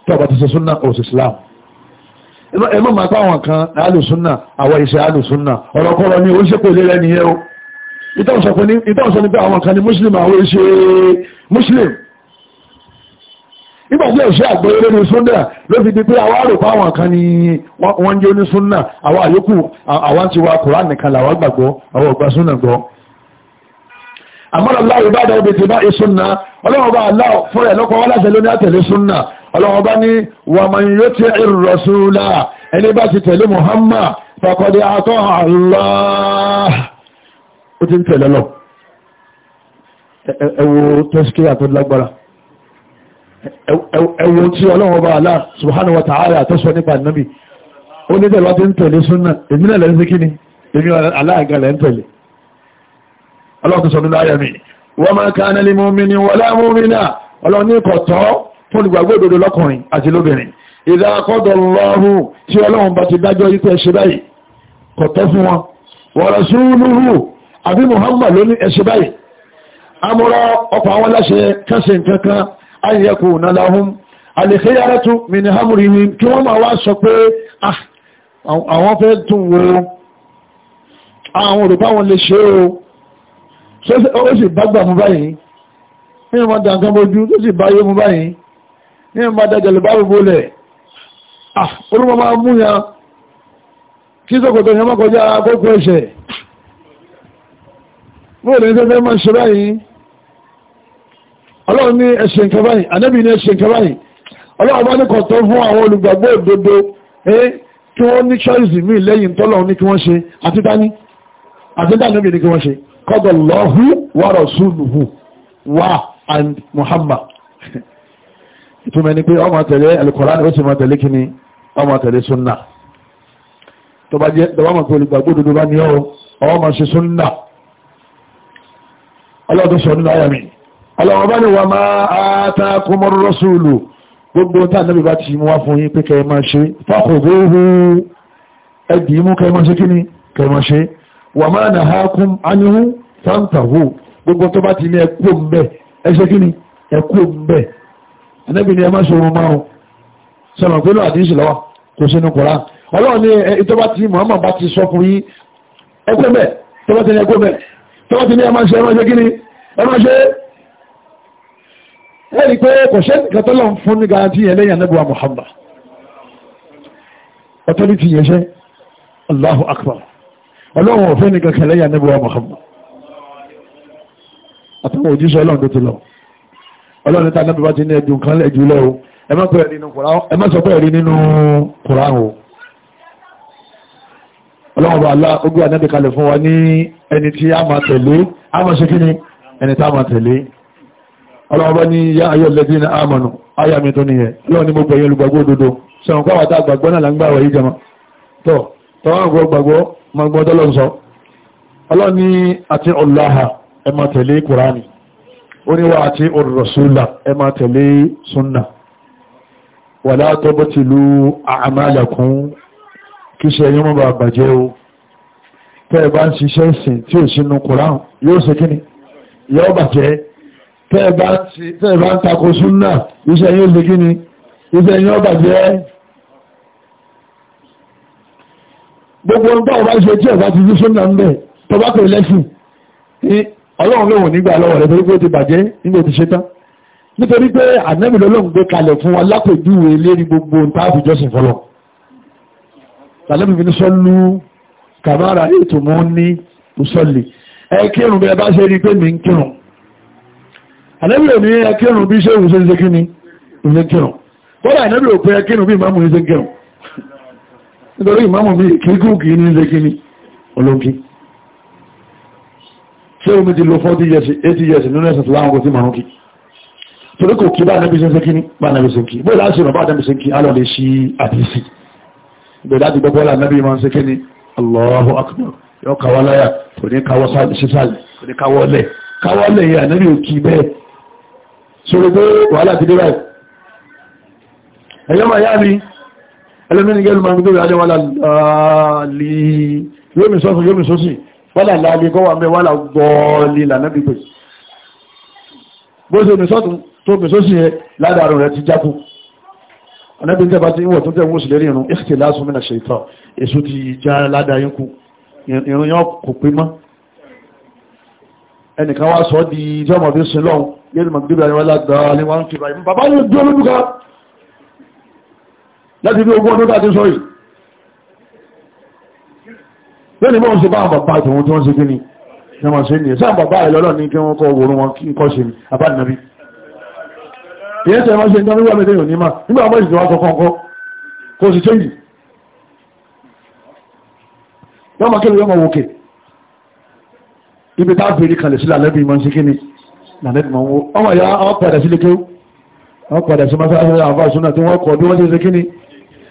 tó ọba ti ṣe súnà òsì islam ẹ má máa báwọn kan alùsúnà àwọn iṣẹ́ alùsúnà ọ̀rọ̀kọ́rọ̀ ni oríṣẹ́pọ̀ ilé rẹ̀ nìyẹn o ìtàn sọ ni pé àwọn kan ni muslim àwọn iṣẹ́ muslim nígbàtí ẹ̀ṣẹ́ àgbẹ̀rẹ̀ lórí súnnà ló fi di pé àwọn àrùpá àwọn kan ni wọ́n jẹ́ oní súnnà àwọn àyókù àwọn ti wa kùrán nìkan làwọn gbàgbọ́ àwọn ọgbà súnnà gbọ́ àmọ́lọ́láwọ̀ bá dáwọ́ bèèrè bá ìsúnnà ọlọ́wọ́ bá aláwọ̀ fún ẹ̀ lọ́kọ̀ wọ́n láṣẹ lóní àtẹ̀lé súnnà ọlọ́wọ́ bá ní wa man yuti'ir rasula ẹni bá ti tẹ̀lé Muhammad faqad ata'a Allah ti ń tẹ̀lé lọ ẹwọ tẹ́síkíyà tó lágbára ẹwọ tí ọlọ́wọ́ bá Allah subhanahu sọ nípa nábi ó ní tẹ̀lé ti ń tẹ̀lé súnà èmi náà lẹ́yìn sí kíni èmi aláàgà ní kọ̀tọ́ fún olùgbàgbọ́ òdodo lọ́kùnrin àti lóbìnrin ìdá akọ́dọ̀ lọ́rùn tí ọlọ́run bá ti dájọ́ yí pé ẹ ṣe báyìí kò tọ́ fún wọn wa rasuluhu àbí Muhammad ló ní ẹ ṣe báyìí amúra ọkọ̀ àwọn aláṣẹ kẹsẹ̀ kankan ayẹkù nàlàhùn àlèkéyàrẹ́tù mìnìhàmùrìhì kí wọ́n máa wá sọ pé ah, àwọn fẹ́ tún wo àwọn òrùpá wọn lè ní ìmọ̀ adájọ̀lẹ̀ bá gbogbo lẹ̀ ah, orúkọ máa mú ya kí sọ́kòtò yẹn máa kọjá kókó ẹ̀ṣẹ̀ bóòlù ní sẹ́fẹ́ máa ṣe báyìí ọlọ́run ní ẹ̀ṣẹ̀ nǹkan báyìí ànábì ní ẹ̀ṣẹ̀ nǹkan báyìí ọlọ́run bá ní kọ̀ tó fún àwọn olùgbàgbọ́ òdodo kí wọ́n ní ṣọ́ìsì míì lẹ́yìn tọ́lọ̀ ní kí wọ́n ṣe àti dání àti dání bí ní kí wọ́n ṣe qadallahu wa rasuluhu wa and Muhammad [LAUGHS] ìtumọ̀ ni pé ọmọ tẹ̀lé alukọ̀rán ó sì máa tẹ̀lé kíni ọmọ tẹ̀lé súnà tó bá jẹ́ tọ́wọ́ mọ̀ pé olùgbàgbọ́ òdodo bá ní ọ̀rọ̀ ọwọ́ máa ṣe súnà ọlọ́dún sọ nínú àyàmì ọlọ́wọ́ bá ní wà máa àtàkùnmọ́ rọ́sùlù gbogbo tá nàbí bá ti mú wá fún tó bá ti ní ẹkú mbẹ ẹ ṣe kí ni ẹkú mbẹ ànábì ni ẹ má sọ̀rọ̀ máa o sọ̀rọ̀ pẹ̀lú àdíṣì lọ́wọ́ kò sínú kọ̀rá ọlọ́run ní ìtọ́bá tí Muhammad bá ti sọ fún yí ẹgbẹ́ bẹ̀ tọ́bá ti ní ẹgbẹ́ bẹ̀ tọ́bá ti ní ẹ má ṣe ẹ má ṣe kí ni ẹ má ṣe ẹ rí pé kò ṣe nǹkan tó lọ́n fún ní garanti yẹn lẹ́yìn anábìwa Muhammad authority yẹn ṣe Allahu Akbar ọlọ́run ọ̀fẹ́ nìkan kẹlẹ́yìn anábìwa Muhammad àtàwọn òjíṣẹ́ ọlọ́run tó ti lọ́wọ́ ọlọ́run tá nábì bá ti ní ẹjù nǹkan lẹ́jù lẹ́ o ẹ má pẹ́ rí nínú Kùránì ẹ má sọ pé rí nínú Kùránì o ọlọ́run bá alá ogún ànábì kalẹ̀ fún wa ní ẹni tí a máa tẹ̀lé a máa ṣe kí ni ẹni tá a máa tẹ̀lé ọlọ́run bá ní yá ayọ̀ lẹ́dí ní àmọ̀nù ayà mi tó nìyẹn lọ́wọ́ ni mo gbẹ̀yìn olùgbàgbọ́ òdodo sọ̀rọ̀ pàwọ́ tá gbàgbọ́ náà láńgbà wọ̀ yìí jẹmọ́ tọ́wọ́n kò gbàgbọ́ ma gbọ́ oníwà àti òrùrọ̀súlà ẹ máa tẹ̀lé súnnà wà látọ́ bó ti lú àmàlẹ̀kún kí ṣe yíò mọ́bà bàjẹ́ o tẹ́ bá ń ṣiṣẹ́ ìsìn tí ò sínú kùrán yóò ṣe kíni yóò bàjẹ́ tẹ́ bá ń takò súnnà iṣẹ́ yóò ṣe kíni iṣẹ́ yóò bàjẹ́ gbogbo ń ọba ṣe tí ọba ti fi súnnà ń bẹ̀ tọ́bákò lẹ́sìn ọlọ́run lóhùn nígbà lọ́wọ́ rẹ̀ torí pé ó ti bàjẹ́ nígbà ti ṣetán nítorí pé ànẹ́bì lọ́lọ́run gbé kalẹ̀ fún wa lápèjúwe lérí gbogbo táàbù jọ́sìn fọlọ́ tàlẹ́bì fi ní sọ́lú kàmáàrà ètò mọ́ ní ìsọ́lì ẹ kírun bí ẹ bá ṣe rí pé mi ń kírun ànẹ́bì ò ní ẹ kírun bí ṣé òun ṣe ń ṣe kí ni òun ṣe kírun kódà ànẹ́bì ò pé ẹ kírun bí ìmáàmù ń ṣe kírun nítorí ìmáàmù mi kìí kú kìí ní ṣe kí ni olókìí ṣé omi ti lo 40 years 80 years nínú ẹ̀sìn tó láwọn kò sí màrún kí torí kò kí bá anábì ṣe ń kí ní bá anábì ṣe ń kí bóyá ṣe ràn bá anábì ṣe ń kí alọ́ lè ṣí àdìsí bẹ̀rẹ̀ láti gbọ́ bọ́lá anábì máa ń ṣe kí ní Allahu akbar yọ kawọ́ láyà kò ní kawọ́ sísàlẹ̀ kò ní kawọ́ lẹ̀ kawọ́ lẹ̀ yẹ anábì ò kí bẹ́ẹ̀ sórí pé wàhálà ti dé báyìí ẹ̀yọ́ máa yá mi ẹlẹ́mìnigẹ́lùmọ́ wọ́n làlá alẹ́ kọ́ wà mẹ́ wà lágbọ́ọ̀lì lànà gbígbé bó ṣe mìsọ́tún tó mìsọ́sí ẹ ládàrún rẹ̀ ti jákú ọ̀nẹ́bí ń tẹ́bà tí wọ́n tó tẹ́wọ́n sì lérí irun ìsìkè lásùn mìnà ṣètọ́ èso ti já ládàáyín kú irun yọ kò pé mọ́ ẹnìkan wá sọ di jọmọ láti bí ogún ọdún tá a yóò ní mọ́n sí bá bàbá àtòun tí wọ́n sí gíní ní wọ́n sí ní sáà bàbá ìlọ́lọ́ ní kí wọ́n kọ́ wòrò wọn kí n kọ́ sí ní abáàdínàbí ìyẹn tẹ́ wọ́n sí ní wíwá mẹ́tẹ́ yóò ní máa nígbà wọ́n sì ti wá kọ́ kọ́kọ́ kò sì chéyì wọ́n máa kéwì wọ́n wòkè ibi tá a fèrè kalẹ̀ sí làlẹ́bí mọ́ sí gíní làlẹ́bí mọ́ wọ́n ọmọ ìyá ọ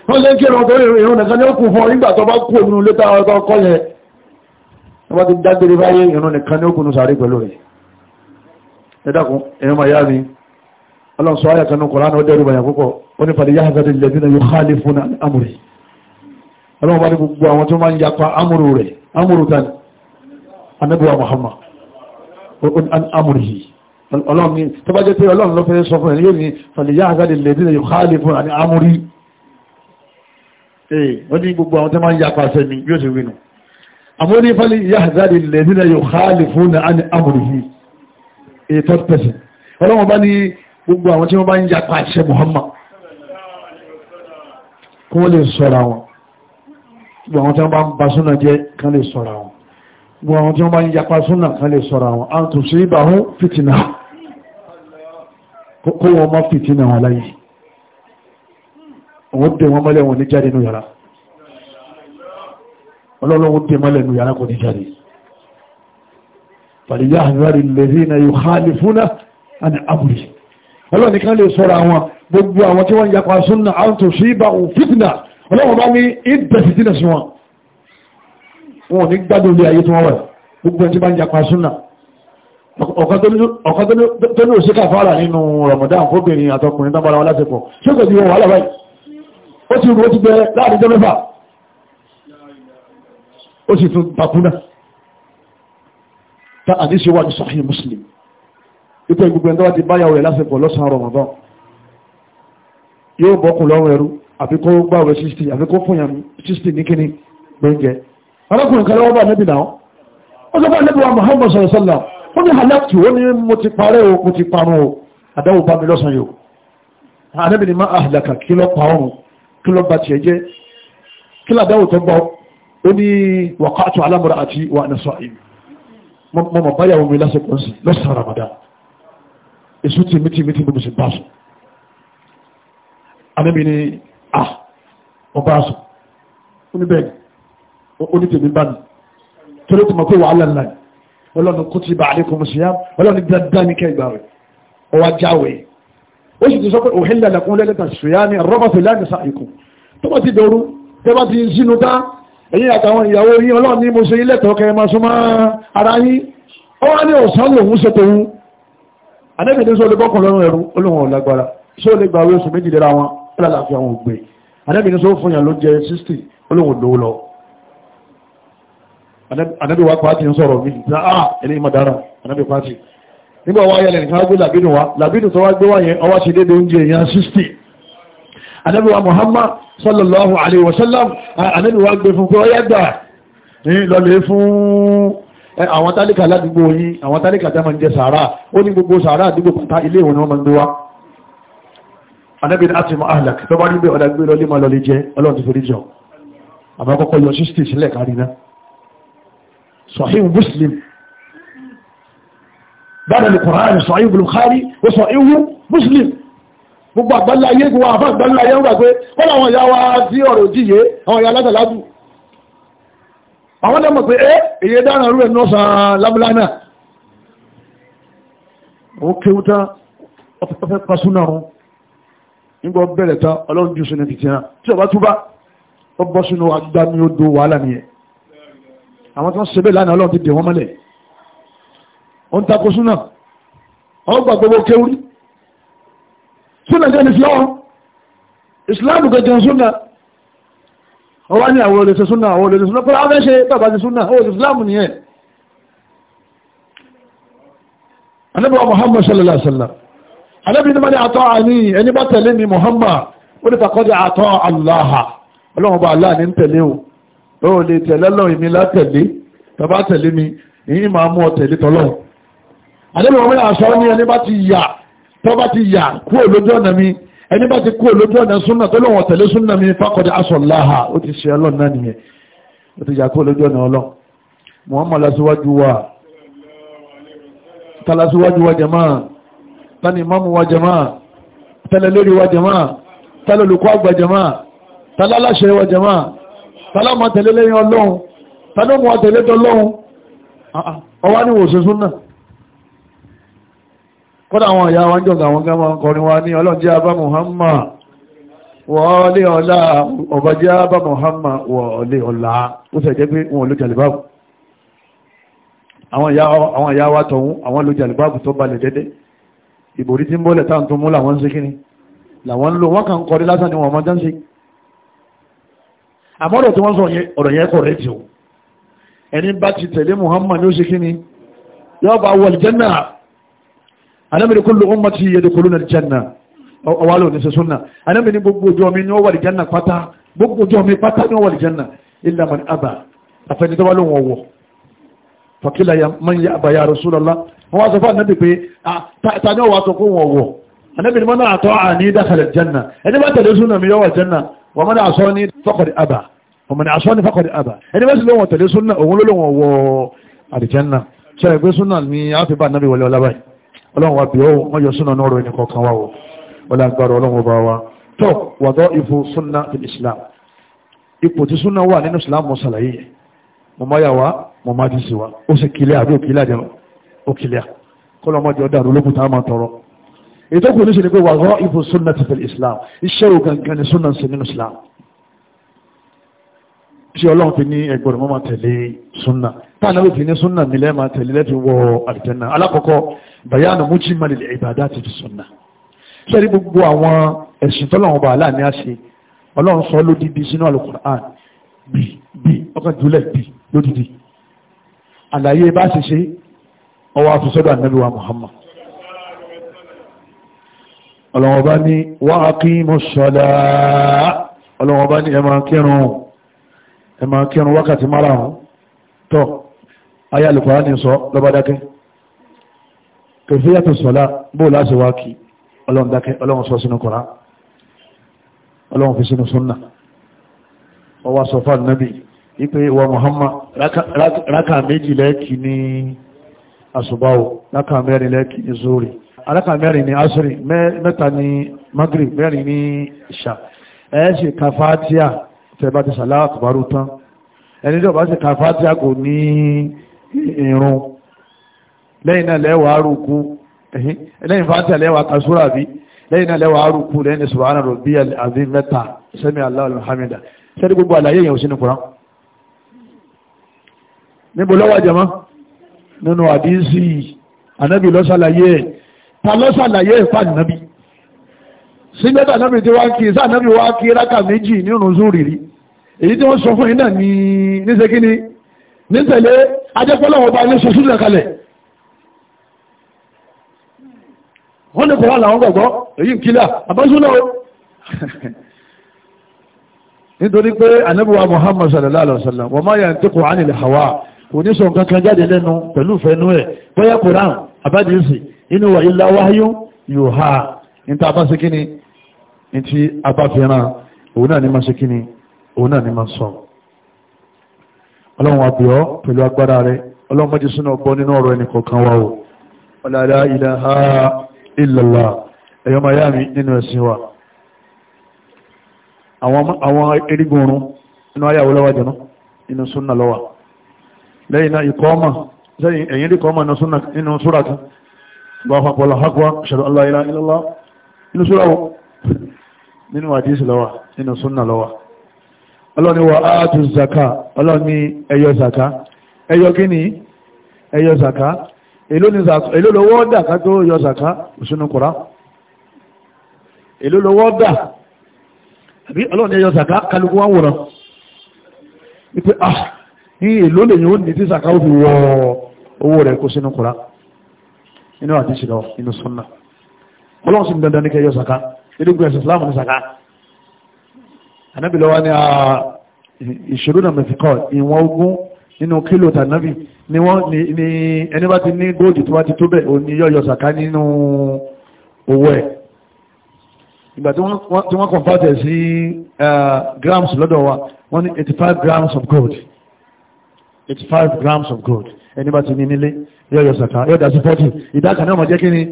wọ́n lé kí ọ̀rọ̀ ìrún nìkan ní ó kù fún ọ nígbà tó bá kú òmìnú létà ọ̀tọ̀ ọkọ yẹn wọ́n bá ti dágbére báyé ìrún nìkan ní ó kùnú sàárè pẹ̀lú rẹ̀ ẹ̀dàkùn ẹ̀yọ́ màá yá mi ọlọ́run sọ ayàkan ní kọ̀lá náà dẹ́rù bàyàn Muhammad amúrì yìí ọlọ́run ní tó bá jẹ́ pé ọlọ́run ló fẹ́ sọ fún ẹ̀ yóò ní Eh, wọ́n ní gbogbo àwọn tó máa ń yapa sẹ́mi yóò ṣe wínú àmọ́ ní fálí yahzari lẹ́dínà yóò hálì fún náà ní amòrìhì a eh, third person ọlọ́wọ́n bá ní gbogbo àwọn tí wọ́n bá ń yapa àṣẹ Muhammad kí wọ́n lè sọ́ra wọn gbogbo àwọn tí wọ́n bá ń ba súnà jẹ́ kan lè sọ́ra wọn gbogbo àwọn tí wọ́n bá ń yapa súnà kan lè sọ́ra wọn a tún sí ibà hún òun dé wọn mọ́lẹ̀ wọn ní jáde nù yàrá ọlọ́lọ́wọ́ dé mọ́lẹ̀ nù yàrá kò ní jáde fàlìyà àríwárí lèrí na yóò ha lè fúnná àni àbúrí ọlọ́nìkan lè sọ́rọ̀ àwọn gbogbo àwọn tí wọ́n yapa súnnà àtò sí ò fìtìnà ọlọ́wọ́n bá ní ìbẹ̀ ó sì rú ó ti bẹ láàrin jẹ́ mẹ́fà ó sì tún takúnà ta àdíṣe wájú Sahih Muslim ipò ìgbogbo ẹ̀ndọ́wà ti báyàwó rẹ̀ lásìkò lọ́sàn-án Ramadan yóò bọ́kùn lọ́rùn ẹrú àfi kó gbàwẹ̀ 60 àfi kó fún yàn 60 ní kíní gbẹ́ǹjẹ́ arákùnrin kan lọ́wọ́ bá níbi náà ó sọ bá níbi wa o mo ti parun o àdáwò bá mi lọ́sàn yóò àdébìnrin má àhàlàkà kí kí ló bá tiẹ̀ jẹ́ kí làdáwò tó gbọ́ ó ní wàkàtù alámọ̀rá àti wà ní sọ ìlú mo mọ̀ báyàwó mi lásìkò sí lọ́sàn Ramadan èso tí mi ti ah, mi ti gbogbo sí bá sùn anábì ni à ọ bá sùn ó ní bẹ́ẹ̀ ó ní tèmi bá mi torí tí mo pé wàhálà ńlá ni ọlọ́run kó ti bá àlékún sí yá ọlọ́run dandan ní kẹ́ ìgbà rẹ̀ ọwọ́ jáwèé ó sì ti sọ pé òhìnlẹ̀ lẹ́kún lẹ́lẹ́ta ṣùyá ní lẹ́nìsà ikú tó bá ti dòru tẹ́ bá ti sínú dá ẹ̀yìn àtàwọn ìyàwó yí ọlọ́run ní mo ṣe ilẹ̀tọ̀ kẹ máa súnmọ́ ara yín ó wá ní ọ̀sán lòun ṣe tòun anẹ́bìnrin sọ lè bọ́kàn lọ́rùn ẹ̀rú olóhùn ọ̀lágbára só lè gbàwé oṣù méjì lera wọn lálàáfíà wọn gbé anẹ́bìnrin sọ fún yàn ló jẹ 60 olóhùn lòó lọ nígbà wá yẹ lẹ́nìkan gbé làbínú wa làbínú tó wá gbé wá yẹn ọwá ṣe dédé oúnjẹ èèyàn 60 anábíwá Muhammad sallallahu alaihi wasallam anábíwá gbé fún pé ọyá gbà ní lọlẹ̀ fún àwọn tálíkà ládùúgbò yìí àwọn tálíkà tẹ́ ma ń jẹ sàárà ó ní gbogbo sàárà àdúgbò pàtà ilé ìwọ̀n wọn ma gbé wá anábí láti mọ ahlak tó bá níbi ọ̀dà gbé lọlé ma lọlé jẹ ọlọ́run ti fi rí jọ àmọ́ kọ́kọ́ yọ 60 sílẹ̀ kárí náà Sahih Muslim dáadáa ní Kùránì sọ ayé Bukhari ó sọ ihu Muslim gbogbo àgbáńlá ayé gbogbo àfá àgbáńlá ayé ń gbà pé wọ́n làwọn ìyá wa tí ọ̀rọ̀ òjíye àwọn ìyá látàlábù àwọn dẹ́mọ̀ pé ẹ́ èyẹ dára rú ẹ̀nà ọ̀sán lábúlánà ó kéwú tán ọ̀fẹ́ pasúnà rún ó ń takò súnà ó gbà gbogbo kéwúrí súnà jẹ́ ní fi ọ́ ìsìláàmù gẹ̀gẹ̀ súnà ó wá ní àwọn olèṣe súnà àwọn olèṣe súnà pẹ́lú àwọn ẹ̀ṣẹ́ bàbá ti súnà ó ìsìláàmù nìyẹn anábì wa Muhammad sallallahu alaihi wasallam anábì ní mani àtọ́ àní ẹni bá tẹ̀lé ni Muhammad ó ní fàkọ́jà àtọ́ aláha ọlọ́run bá aláà ní ń tẹ̀lé o ó lè tẹ̀lé lọ́rùn mi látẹ̀lé tọ́bá tẹ̀lé mi ìyí máa mú ọ tẹ̀lé àdébò wọn aṣọ ní ẹni bá ti yà tó bá ti yà kúrò lójú ọ̀nà mi ẹni bá ti kúrò lójú ọ̀nà súnà tó lọ́wọ́ tẹ̀lé súnà mi fákọ̀dé aṣọ láha ó ti ṣe ọlọ́run náà nìyẹn ó ti yà kúrò lójú ọ̀nà ọlọ́run Muhammad lásìwájú wa tàlásíwájú wa jama'a tani imamu wa jama'a tàlẹ́lẹ́rí wa jama'a tàlẹ́lùkọ́ àgbà jama'a tàlálàṣẹ wa jama'a tàlámà tẹ̀lẹ́lẹ́yìn ọlọ́run tàlọ́mù àtẹ̀lẹ́tọ̀ ọlọ́run ọwá ní kọ́dá àwọn ìyá wa ń jọ̀gà àwọn gẹ́mọ́ ọkọrin wa ní ọlọ́jẹ́ abá Muhammad wọ́ọ́lé ọlá ọbọjẹ́ abá Muhammad wọ́ọ́lé ọlá ó sẹ̀ jẹ́ pé wọn ló jàlìbáàbù àwọn ìyá wa tọ̀hún àwọn ló jàlìbáàbù tó balẹ̀ dédé ìbòrí tí ń bọ́lẹ̀ táà tó mú làwọn ń ṣe kíni làwọn ń lò wọ́n kàn kọrí lásán ni wọ́n mọ́ jáǹsì àmọ́rọ̀ tí wọ́n sọ ọ̀rọ̀ yẹn kọ̀ rẹ̀ tí ó ẹni bá ti tẹ̀lé Muhammad ló ṣe kíni yọ́ bá wọ̀lì jẹ́nà anábìnrin kullu ummati yadkhuluna al-janna ọwá lò ní sẹ́súnà anábìnrin gbogbo ojú omi ni ó wà lè jẹ́nà pátá gbogbo ojú omi pátá ni ó wà lè jẹ́nà illa man aba àfẹni tó bá lóun ọwọ́ fàkílà man ya aba ya Rasulullah wọ́n wá sọ fún anábì pé ta ni ó wà sọ fún wọn ọwọ́ anábìnrin mọ́nà àtọ́ àní dakhala al-janna ẹni bá tẹ̀lé súnà mi yọ wà jẹ́nà wọ́n mọ́nà àṣọ ní faqad aba wọ́n mọ́nà àṣọ faqad aba ẹni bá sì lóun tẹ̀lé súnà òun ló lóun ọwọ́ àlìjẹ́nà sọ ẹgbẹ́ súnà ni a fi bá anábì wọlé ọlábàá yìí ọlọ́run wa bí ó wọ́n yọ súnà náà rọ ẹni kọ̀ọ̀kan wa o wọ́n lágbára ọlọ́run ọba wa tó wàdọ́ ìfò súnà fil islam ipò tí súnà wà nínú islam mọ́sàlàyé yẹn mo máa yà wá mo máa ti sì wá ó sì kílẹ̀ àbí òkìlẹ̀ àjẹmọ òkìlẹ̀ kọ́lọ́mọdé ọ̀dà àrólógún tá a máa tọrọ ètò ìpínlẹ̀ ṣe ni pé wàdọ́ ìfò súnà ti fil islam iṣẹ́ ògangan ni súnà sí nínú islam tí ọlọ́run fi ní ẹgbọ́n mọ́ sunna. tẹ̀lé súnà táà náà fi ní súnà nílẹ̀ máa tẹ̀lé lẹ́fi wọ àlùjánnà alákọ̀ọ́kọ́ bayanu mujmal al-ibadati fi sunnah sẹ́rí gbogbo àwọn ẹ̀sìn tọ́lọ́wọ́n bá aláàní àṣẹ ọlọ́run sọ lódìdí sínú alukur'an bí bí ọkàn jùlẹ̀ bí lódìdí àlàyé bá ṣe ṣe ọwọ́ àfisọ́dọ̀ ànábì wa muhammad ọlọ́wọ́n bá ní wa aqimus salah ọlọ́wọ́n bá ní ẹ máa kírun ẹ kírun wákàtí márùn-ún tọ́ ayé alukur'an sọ lọ́bàdákẹ́ kẹfẹ́ yàtọ̀ sọ́lá bóò láti wá kí ọlọ́run dákẹ́ ọlọ́run sọ sínú kọ̀rá ọlọ́run fi sínú súnnà ọwá sọ fún ànábì wípé wa Muhammad rákà méjì lẹ́ẹ̀kì ní asùbáwò rákà mẹ́rin lẹ́ẹ̀kì ní zuri rákà mẹ́rin ní asiri mẹ́ta ní maghrib mẹ́rin ní ìṣà ẹ̀ẹ́sì kafatia tẹ́bá ti sàlá àkùbárú tán ẹni tí ọba sì kafatia kò ní ìrún lẹ́yìn náà lẹ́wà arúkú lẹ́yìn fàtà lẹ́wà kasúrà bí lẹ́yìn náà lẹ́wà arúkú lẹ́yìn subhana rabbiyal azim mẹ́ta sami Allahu liman hamida sẹ́ni gbogbo àlàyé yẹn ò sínú Kùránì níbo lọ́wọ́ jẹmọ́ nínú àdínsì ànábì lọ́sàlàyé ta lọ́sàlàyé ìfà ànábì kí sá ní níṣe kíni bá ní sọ sílẹ̀ kalẹ̀ wọ́n ní kò wá làwọn gbọ̀gbọ́ èyí ń kílà àbájúlọ nítorí pé anábíwá Muhammad sallallahu alaihi wasallam wa ma yantiqu anil hawa kò ní sọ nǹkan kan jáde lẹ́nu pẹ̀lú fẹ́nu ẹ̀ bóyá Quran àbájíǹsì inú wa illa wahyu yuha níta bá sí kíni ní tí a bá fi ran òun náà ni máa sí kíni òun ilaha ìlàlá ẹ̀yọ́ máa yá mi nínú ẹ̀sìn wa àwọn erigun oorun inú ayàwó lọ́wọ́ jẹ́nu inú súnà lọ́wọ́ lẹ́yìn náà ikọ́ ọmọ sẹ́yìn ẹ̀yìn rí kọ́ ọmọ inú súnà kan bá fapọ̀ lọ́hàkọ́ ṣẹ̀rọ aláìlá ìlàlá inú súnà wọ nínú àdísì lọ́wọ́ inú súnà lọ́wọ́ ọlọ́ni wa áàtù zaka ọlọ́ni èló lówó dà ká tó yọ sàká òṣùnú kùrá èló lówó dà àbí ọlọ́run ní yọ sàká kálukú wọn wòrán wípé ah ní èló lè yóò ní tí sàká ó fi wọ owó rẹ̀ kó sínú kùrá inú àdíṣì lọ inú súnnà ọlọ́run sì ń dandan ní kẹ́ yọ sàká nílùú ah, nínú kílò tànábì ni wọ́n ni ẹni bá ti ní góòdì tó bá ti tó bẹ̀ ò ní yọ́yọ̀ sàká nínú owó ẹ̀ ìgbà tí wọ́n kọ̀mpátẹ̀ sí grams lọ́dọ̀ wa wọ́n ní 85 grams of gold 85 grams of gold ẹni bá ti ní nílé yọ́yọ̀ sàká yọ́dà sí 40 ìdáka náà mọ̀ jẹ́ kí ni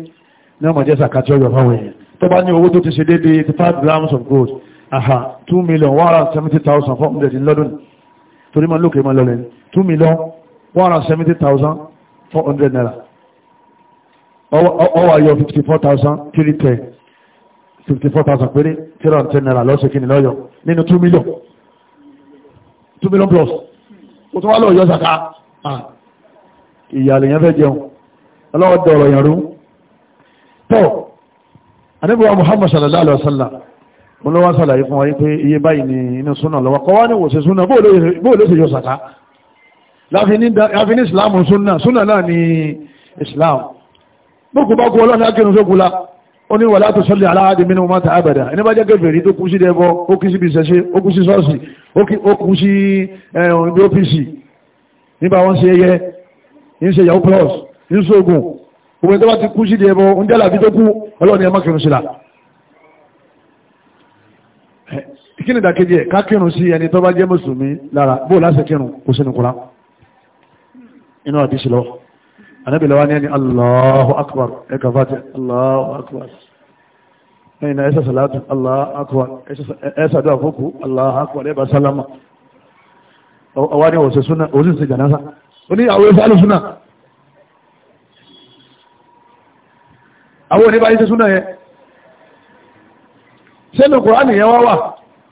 náà mọ̀ jẹ́ sàká tí yọ́yọ̀ fáwọn èèyàn tó bá ní owó tó ti ṣe déédéé 85 grams torí ma lókè ma lọlẹ̀ two million one hundred seventy thousand four hundred naira ọwọ́ ayọ̀ fifty four thousand three ten fifty four thousand péré three hundred ten naira lọ́sẹ̀ kìíní lọ́yọ̀ nínú two million two million plus o tún wá lọ yọ sàkà ìyàlẹ̀ yẹn fẹ́ jẹun ọlọ́wọ́ dọ̀rọ̀ yẹn rú tọ́ anábíwá Muhammad sallallahu alaihi wa sallam wọn ló wá sàlàyé fún wa pé iye báyìí ni inú súnà lọ́wọ́ kọ́ wá ní wòsè súnà bóò ló sì yọ sàká láfi ní ìsìláàmù súnà súnà náà ni ìsìláàmù bókù bá kú ọlọ́run akínú sókù la ó ní wàlá tó sọ́lẹ̀ aláàdì mínú mọ́ta àbàdà ẹni bá jẹ́ gẹ̀bẹ̀rí tó kú sí dẹ́bọ́ ó kú sí bí ìṣẹ́ṣe ó kú sí sọ́ọ̀sì eh, ó kú sí ibi OPC nígbà wọ́n kí ni ìdàkejì ẹ̀ ká kírun sí ẹni tó bá jẹ́ mùsùlùmí lára bó láti kírun kò sínú kura inú àti ìṣìlọ anábìlẹ̀ wa ní ẹni Allahu akbar ẹka fàtẹ Allahu akbar ẹ̀yìn náà ẹ̀ṣà sàlátù Allahu akbar ẹ̀ṣà dọ́ àfọ́kù Allahu akbar ẹ̀bà sálámà ọwá ní òṣè súnà òṣì sí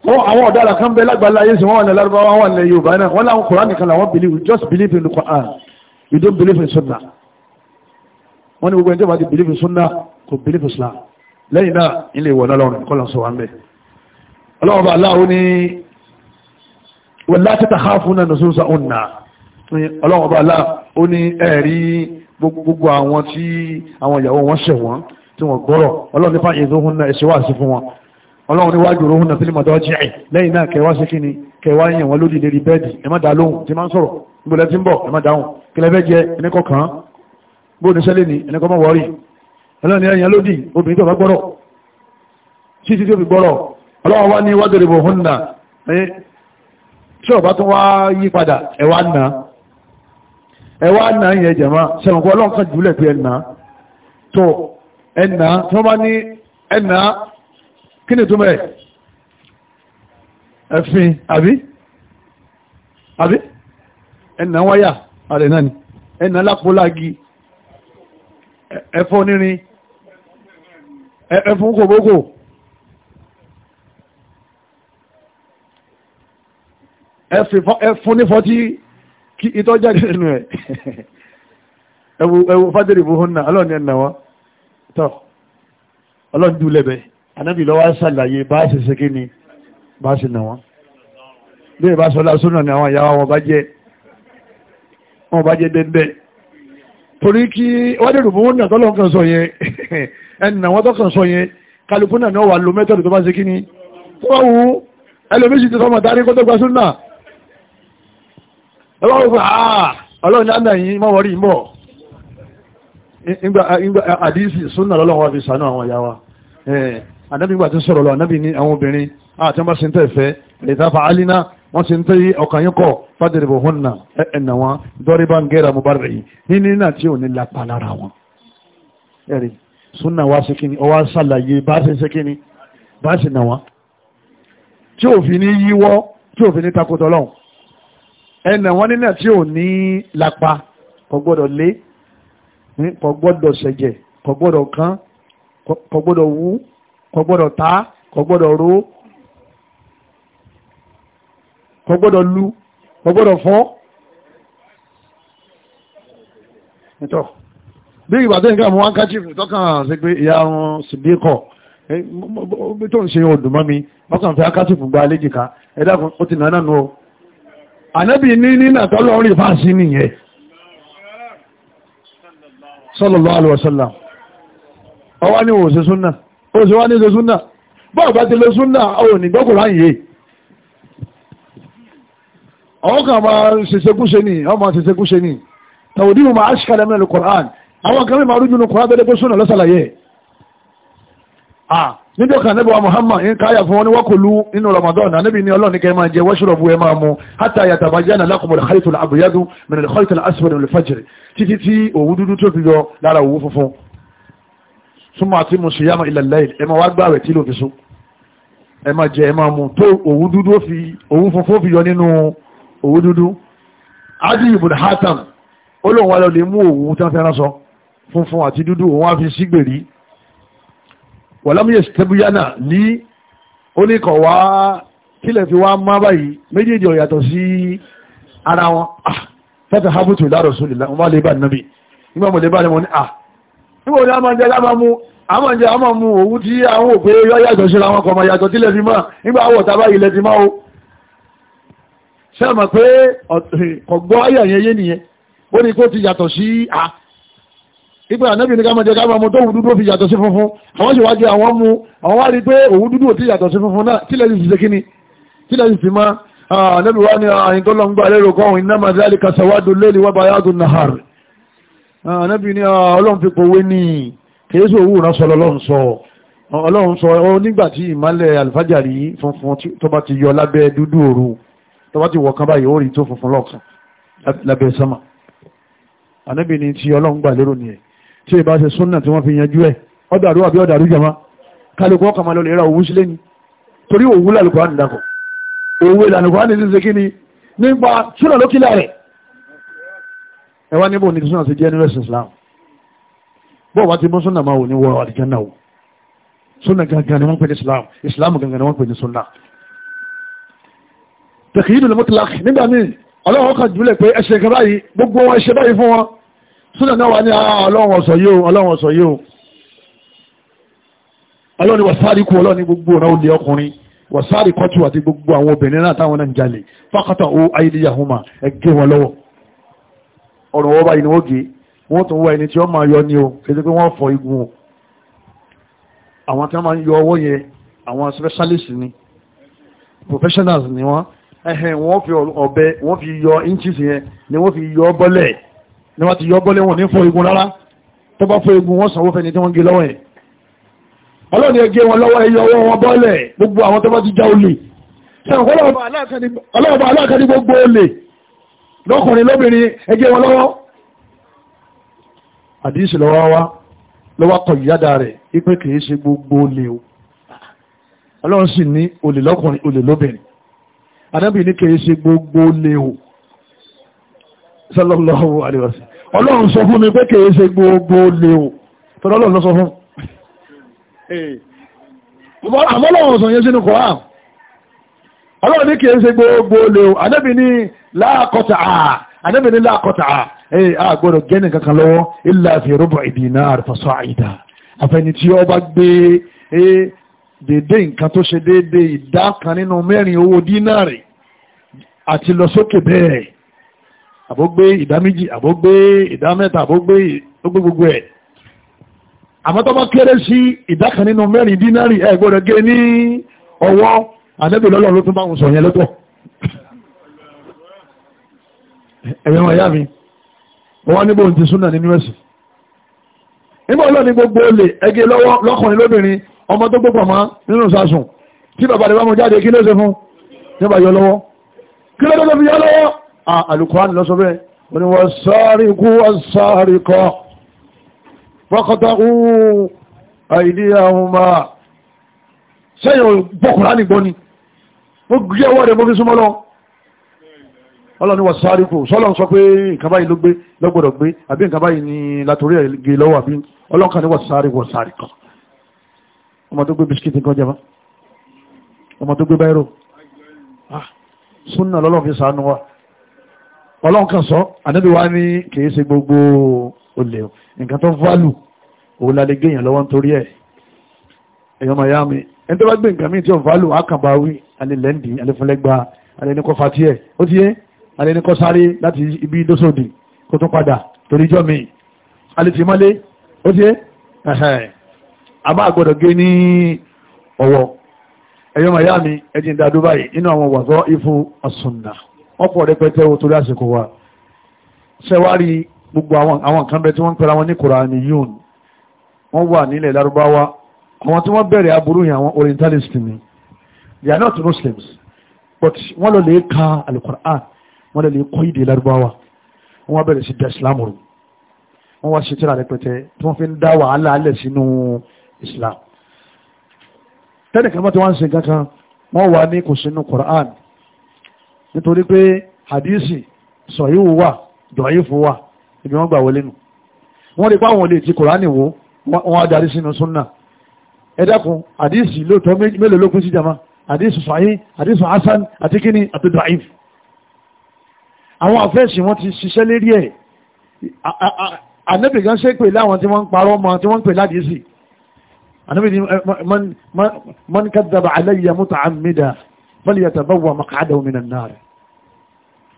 wọ́n àwọn ọ̀daràn kan bẹ lágbàlá ayé sí wọ́n wà ní lárúbáwá wà ní yorùbá náà wọ́n láwọn kòrán nìkan làwọn believe you just believe in the Quran you don't believe in sunna wọ́n ní gbogbo ẹni tí ti believe in sunna kò believe in Islam lẹ́yìn náà ilé ìwọ̀n ọlọ́run kọ́ lọ sọ wá ń bẹ̀ ọlọ́run bá aláwo ní wọ́n láti ta ha fún náà nùsùsà ọ̀nà ọlọ́run bá aláwo ó ní ẹ̀rí gbogbo àwọn tí àwọn ìyàwó wọn ṣẹ̀ tí wọ́n gbọ́rọ̀ ọlọ́run nípa ìdóhùn náà ẹ̀ṣẹ̀ sí fún wọn ọlọ́run níwájú òun náà sílẹ̀ mọ̀dọ́ jẹ́ lẹ́yìn náà kẹwàá ṣe kíni kẹwàá yẹn wọn lódì lérí bẹ́ẹ̀dì ẹ má dá lóhùn tí máa ń sọ̀rọ̀ níbo lẹ́ ti ń bọ̀ ẹ má dáhùn kílẹ̀ fẹ́ jẹ ẹnìkọ́ kàn án bó ní sẹ́lẹ̀ ni ẹnìkọ́ mọ̀ wọ́ọ̀rì ọlọ́run ẹ̀yàn lódì obìnrin tó bá gbọ́rọ̀ títí tó kí ni túnmọ̀ ẹ̀ ẹ̀fin àbí àbí ẹ̀nà wáyà àrẹ̀ náà ni ẹ̀nà lápòlági ẹ̀fọ́ nírin ẹ̀fún kòbókò ẹ̀fún nífọ́ tí kí ìtọ́jà nínú ẹ̀ ẹ̀wù fádẹ́rì fún hùn náà ẹ̀nà wọn tọ́ ọlọ́ni dúlẹ̀ anábì lọ́wọ́ ṣàlàyé bá ṣe ṣe kí ni bá ṣe nà wọ́n bí ìbá sọ́lá súnà ni àwọn ìyàwó wọn bá jẹ́ wọn bá jẹ́ dẹ́ndẹ́ torí kí wọ́n dẹ̀rù fún náà tọ́lọ́ kan sọ yẹn ẹnìyàn wọ́n tọ́kàn sọ yẹn kálukú náà ni wọ́n wà lo mẹ́tọ̀dù tó bá ṣe kí ni tó bá wù ú ẹlòmíì sì anábì gbà tí ń sọ̀rọ̀ lọ anábì ní àwọn obìnrin àti ah, wọn bá ṣe ń tẹ̀ fẹ́ ètò àfà alina wọ́n ṣe ń tẹ́ ọkàn yín kọ̀ fàdèrèbò hùn náà ẹ̀nà wọn dọ́rí bá ń gẹ́ra mo bá rẹ̀ yìí nínú náà tí ò ní lápá lára wọn. ẹ̀rì súnà wá sí kíni ọwá ṣàlàyé bá ṣe ṣe kíni bá ṣe nà wọn. tí òfin ní yíwọ́ tí òfin ní takotọ́ lọ́hùn ẹ̀nà wọn nínú tí ò ní lápá kò lé kò ṣẹ̀jẹ̀ kò kán kò wú kò gbọ́dọ̀ ta kò gbọ́dọ̀ ro kò gbọ́dọ̀ lu kò gbọ́dọ̀ fọ́ ìtọ́ bí ìgbà tó ń kí àwọn handkerchief tọ́kàn sí pé ìyá wọn sì dé kọ̀ bí tó ń ṣe ọdún mọ́ mi ọkàn fẹ́ handkerchief gba àlejìká ẹ̀dá kan ó ti nà náà nù ọ́ ànábì ní nínà tọ́lọ́ rìn fáàsì nìyẹn sallallahu alaihi wasallam ọwọ́ ni wò ó ṣe súnà ó sì wá ní ṣe súnà bọ́ọ̀ bá ti lo súnà ó ní gbọ́kùnrán yìí àwọn kan máa ṣiṣẹ́kúṣe ní àwọn máa ṣiṣẹ́kúṣe ní tàwọ̀dí mo máa ṣíkàlẹ̀ mẹ́rin kọ̀rán àwọn kan máa rújú ní kọ̀rán tó dẹ́gbẹ́ súnà lọ́sàlàyé níjọ́ kan níbi wa Muhammad ń káyà fún wọn ní wọ́kùlú nínú Ramadan níbi ní ọlọ́ọ̀ni kẹ́ máa jẹ súnmọ́ àti mo sì yáma ilẹ̀ lẹ́yìn ẹ máa wá gbààwẹ̀ tí ló fi sún ẹ máa jẹ ẹ máa mu tó òwú dúdú fi òwú funfun fi yọ nínú òwú dúdú adi ibùdó hatam ó lóun wá lọ lè mú òwú tí wọ́n fẹ́ràn sọ funfun àti dúdú òun wá fi sígbèrí wàlámúyè stebuyana ní oníkọ̀ wá kílẹ̀ fi wá má báyìí méjèèjì ó sí ara wọn fẹ́tà habutu ìdáròsùn ìlànà wọn lè bá nàbì nígbà mọ̀ lè bá lè mọ̀ ní à ah, nígbà wọn ni a máa jẹ́ lábàámu àmọ́ jẹ́ àmọ́ mu òwú tí àwọn òpé yọ yàtọ̀ síra wọn kọmọ yàtọ̀ tí lẹ́fi máa nígbà àwọ̀ tàbá ilẹ̀ ti máa o sẹ́mọ̀ pé ọ̀gbọ́ ayẹyẹ yé nìyẹn ó ní kó ti yàtọ̀ sí a ìgbà ànábì ní kámọ̀ jẹ́ ká máa mu tó òwú dúdú fi yàtọ̀ sí funfun àwọn sì wá jẹ àwọn mu àwọn wá rí pé òwú dúdú ò ti yàtọ̀ sí funfun náà tí lẹ́yìn ṣiṣẹ́ kíni tí lẹ́yìn sì máa ànábì wá ní àyìn tó lọ ń gbà lérò kọ́hún iná máa dálé kasawádùn lélẹ̀ wá bayádùn nahar ànábì ní ọlọ́run fi pòwe nìyí kèésù owó ìránṣọ́ ọlọ́run sọ ọlọ́run sọ ọ nígbà tí ìmálẹ̀ alifájàrí funfun tó bá ti yọ lábẹ́ dúdú òru tó bá ti wọ̀ báyìí ó rí tó funfun lọ́kàn lábẹ́ sánmà ànábì ni ti ọlọ́run gbà lérò nìyẹn tí ìbá ṣe súnà tí wọ́n fi yanjú ẹ̀ ọ̀dàrú àbí ọ̀dàrú jama kálukú ọkàn máa lọ ni torí òwú làlùkù á nìdàkọ̀ òwú làlùkù á bọ́ọ̀ wá ti mú súnà máa wò ní wọ àlìjánnà wò súnà gangan ni wọ́n pè ní islam islam gangan ni wọ́n pè ní súnà. tẹ̀kì yìí lọ́mọ́tìlá nígbà míì ọlọ́run kan jùlẹ̀ pé ẹsẹ̀ kan báyìí gbogbo wọn ẹsẹ̀ báyìí fún wọn súnà náà wà ní ah, ọlọ́run ọ̀sọ̀ yìí o ọlọ́run ọ̀sọ̀ yìí o ọlọ́run wà sáré kú ọlọ́run ní gbogbo ọ̀nà olè ọkùnrin wà kọ́tù àti gbogbo àwọn obìnrin náà táwọn náà ń jalè fákàtà ó ayélujára wọ́n tún wá ẹni tí ó máa yọ ní o kéde pé wọ́n fọ igun o àwọn tí wọ́n máa ń yọ ọwọ́ yẹn àwọn specialist ni professionals ni wọ́n ẹ̀hẹ̀n wọ́n fi ọ̀bẹ wọ́n fi yọ inches yẹn ni wọ́n fi yọ bọ́lẹ̀ ni wọ́n ti yọ bọ́lẹ̀ wọn ní fọ igun rárá tó bá fọ igun wọ́n sanwó fẹ́ni tí wọ́n gé lọ́wọ́ yẹn ọlọ́ni ẹgbẹ́ wọn lọ́wọ́ ẹyọ ọwọ́ wọn bọ́lẹ̀ gbogbo àwọn tó bá ti já olè ọlọ́ọ̀bà aláàkàní gbogbo olè lọ́kùnrin lóbìnrin ẹgbẹ́ wọn lọ́wọ́ àdíṣì lọ́wọ́ wá lọ́wọ́ kọ̀ ìyáda rẹ̀ ipé kìí ṣe gbogbo olè o ọlọ́run sì ní olè lọ́kùnrin olè lóbìnrin anábì ní kìí ṣe gbogbo olè o sallallahu alaihi wasallam ọlọ́run sọ fún mi pé kìí ṣe gbogbo olè o tọ́lọ́ ọlọ́run sọ fún àmọ́ ọlọ́run sọ yẹn sínú Qur'an ọlọ́run ní kìí ṣe gbogbo olè o anábì ní láàkọ́tà àà anábì ní láàkọ́tà àà ee a gbọ́dọ̀ gẹ́nì kankan lọ́wọ́ illa fi rubu dinar fa sa'ida àfẹni tí ó bá gbé ee dédé nǹkan tó ṣe dédé ìdá kan nínú mẹ́rin owó dínárì àti lọ sókè bẹ́ẹ̀ àbógbé ìdá méjì àbógbé ìdá mẹ́ta àbógbé gbogbo ẹ̀ àmọ́ tó bá kéré sí ìdá kan nínú mẹ́rin dínárì ẹ gbọ́dọ̀ gé ní ọwọ́ ànẹ́bì lọ́lọ́ ló tún bá wọn sọ yẹn lọ́tọ̀ ẹ̀yẹ́ wọ́n wá níbo ti súnà nínú ẹ̀sìn nígbà ọlọ́ ní gbogbo olè ẹgẹ lọ́wọ́ lọ́kùnrin lóbìnrin ọmọ tó gbogbo ọmọ nínú sásùn tí bàbá rẹ̀ bá mú jáde kí ló ṣe fún nígbà yọ lọ́wọ́ kí ló tó fi yọ lọ́wọ́ àlùkùránì lọ́sọ bẹ́ẹ̀ wọ́n ni wọ́n sáré kú wọ́n sáré kọ́ fọ́kọ́tà ń àìdí àwọn ọmọ ọlọ́ni wọ́n sáré kò sọ́lọ́ sọ pé nǹkan báyìí ló gbé lọ́gbọ̀dọ̀ gbé àbí nǹkan báyìí ni látòrí ẹ̀ gé lọ́wọ́ àbí ọlọ́kan ni wọ́n sáré wọ́n sáré kan ọmọ tó gbé bisikíti kan jẹba ọmọ tó gbé báyìí ah, súnà lọ́lọ́run fi sànú wa ọlọ́run kan sọ ànábì wa ní kìí ṣe gbogbo olè nǹkan tó válù òun la lè gé èèyàn lọ́wọ́ nítorí ẹ̀ èèyàn máa yá mi ẹni tó bá gbé nǹkan míì tí ò alẹ́ ní kọ́ sáré láti ibi dósòdì kó tún padà torí jọ́ mi alẹ́ ti mọ́lé ó ti ẹ́ àbá àgbọ̀dọ̀ gé ní ọ̀wọ́ ẹ̀yọ́ màyá mi ẹ̀jìn dá Dubai inú àwọn wàzọ́ ifu ọ̀sùnà ọ̀pọ̀ rẹpẹtẹ o torí àsìkò wa ṣẹwárí gbogbo àwọn nǹkan bẹ tí wọ́n ń pera wọn ní Kùránì yún wọ́n wà nílẹ̀ Lárúbáwá àwọn tí wọ́n bẹ̀rẹ̀ aburú yẹn àwọn orientalist ni they are not Muslims but wọ́n lọ lè ka alukur'an wọ́n lè kọ́ ìdè lárúbáwá wọ́n wá bẹ̀rẹ̀ sí da islam rú wọ́n wá ṣe tíra rẹpẹtẹ tí wọ́n fi ń dá wàhálà alẹ̀ sínú islam tẹ́nìkan mọ́tí wọ́n ń ṣe kankan wọ́n wà ní kò sínú quran nítorí pé hadisi sọ̀yíwò wà dọ̀yífò wà ibi wọ́n gbà wọlé nù wọ́n rí páwọn olè ti quran wo wọ́n á darí sínú sunna ẹ dákun hadisi lóòótọ́ mélòó ló pín sí jama hadisi sahih hadisi hasan àti kíni àti dọ̀yífò àwọn àfẹ́sì wọn ti ṣiṣẹ́ lérí ẹ̀ ànábì gan ṣe pè láwọn tí wọ́n ń parọ́ mọ́ tí wọ́n ń pè ládìísì ànábì ni man kadaba alayya muta'ammida falyatabawwa maq'adahu minan nar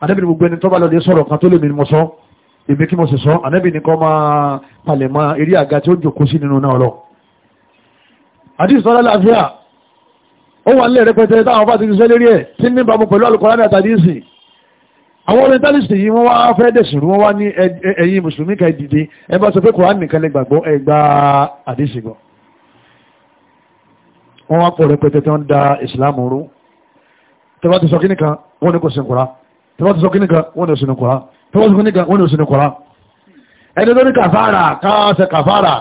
ànábì ni gbogbo ẹni tó bá sọ̀rọ̀ kan tó lè mi mọ̀ sọ́ kí mo sì sọ ànábì ni kọ́ máa palẹ̀ mọ́ eré àga tí ó jòkó sí nínú náà lọ. àdìs tọ́lá láàfíà ó wà nílẹ̀ rẹpẹtẹ táwọn bá ti ṣiṣẹ́ lérí ẹ̀ tí ní àwọn orientalist yìí wọ́n wá fẹ́ dẹ̀sùrú wọ́n wá ní ẹ̀yin mùsùlùmí ka dìde ẹ bá sọ pé kòrán nìkan lè gbàgbọ́ ẹ gba wọ́n wá pọ̀ rẹpẹtẹ tí wọ́n da ìsìlámù rú tẹ́wọ́n ti sọ kí nìkan wọ́n ní kò sí nkùrá tẹ́wọ́n ti sọ kí nìkan wọ́n ní òsì nkùrá tẹ́wọ́n ti sọ kí nìkan wọ́n ní òsì nkùrá ẹni tó ní kàfàrà káṣẹ kàfàrà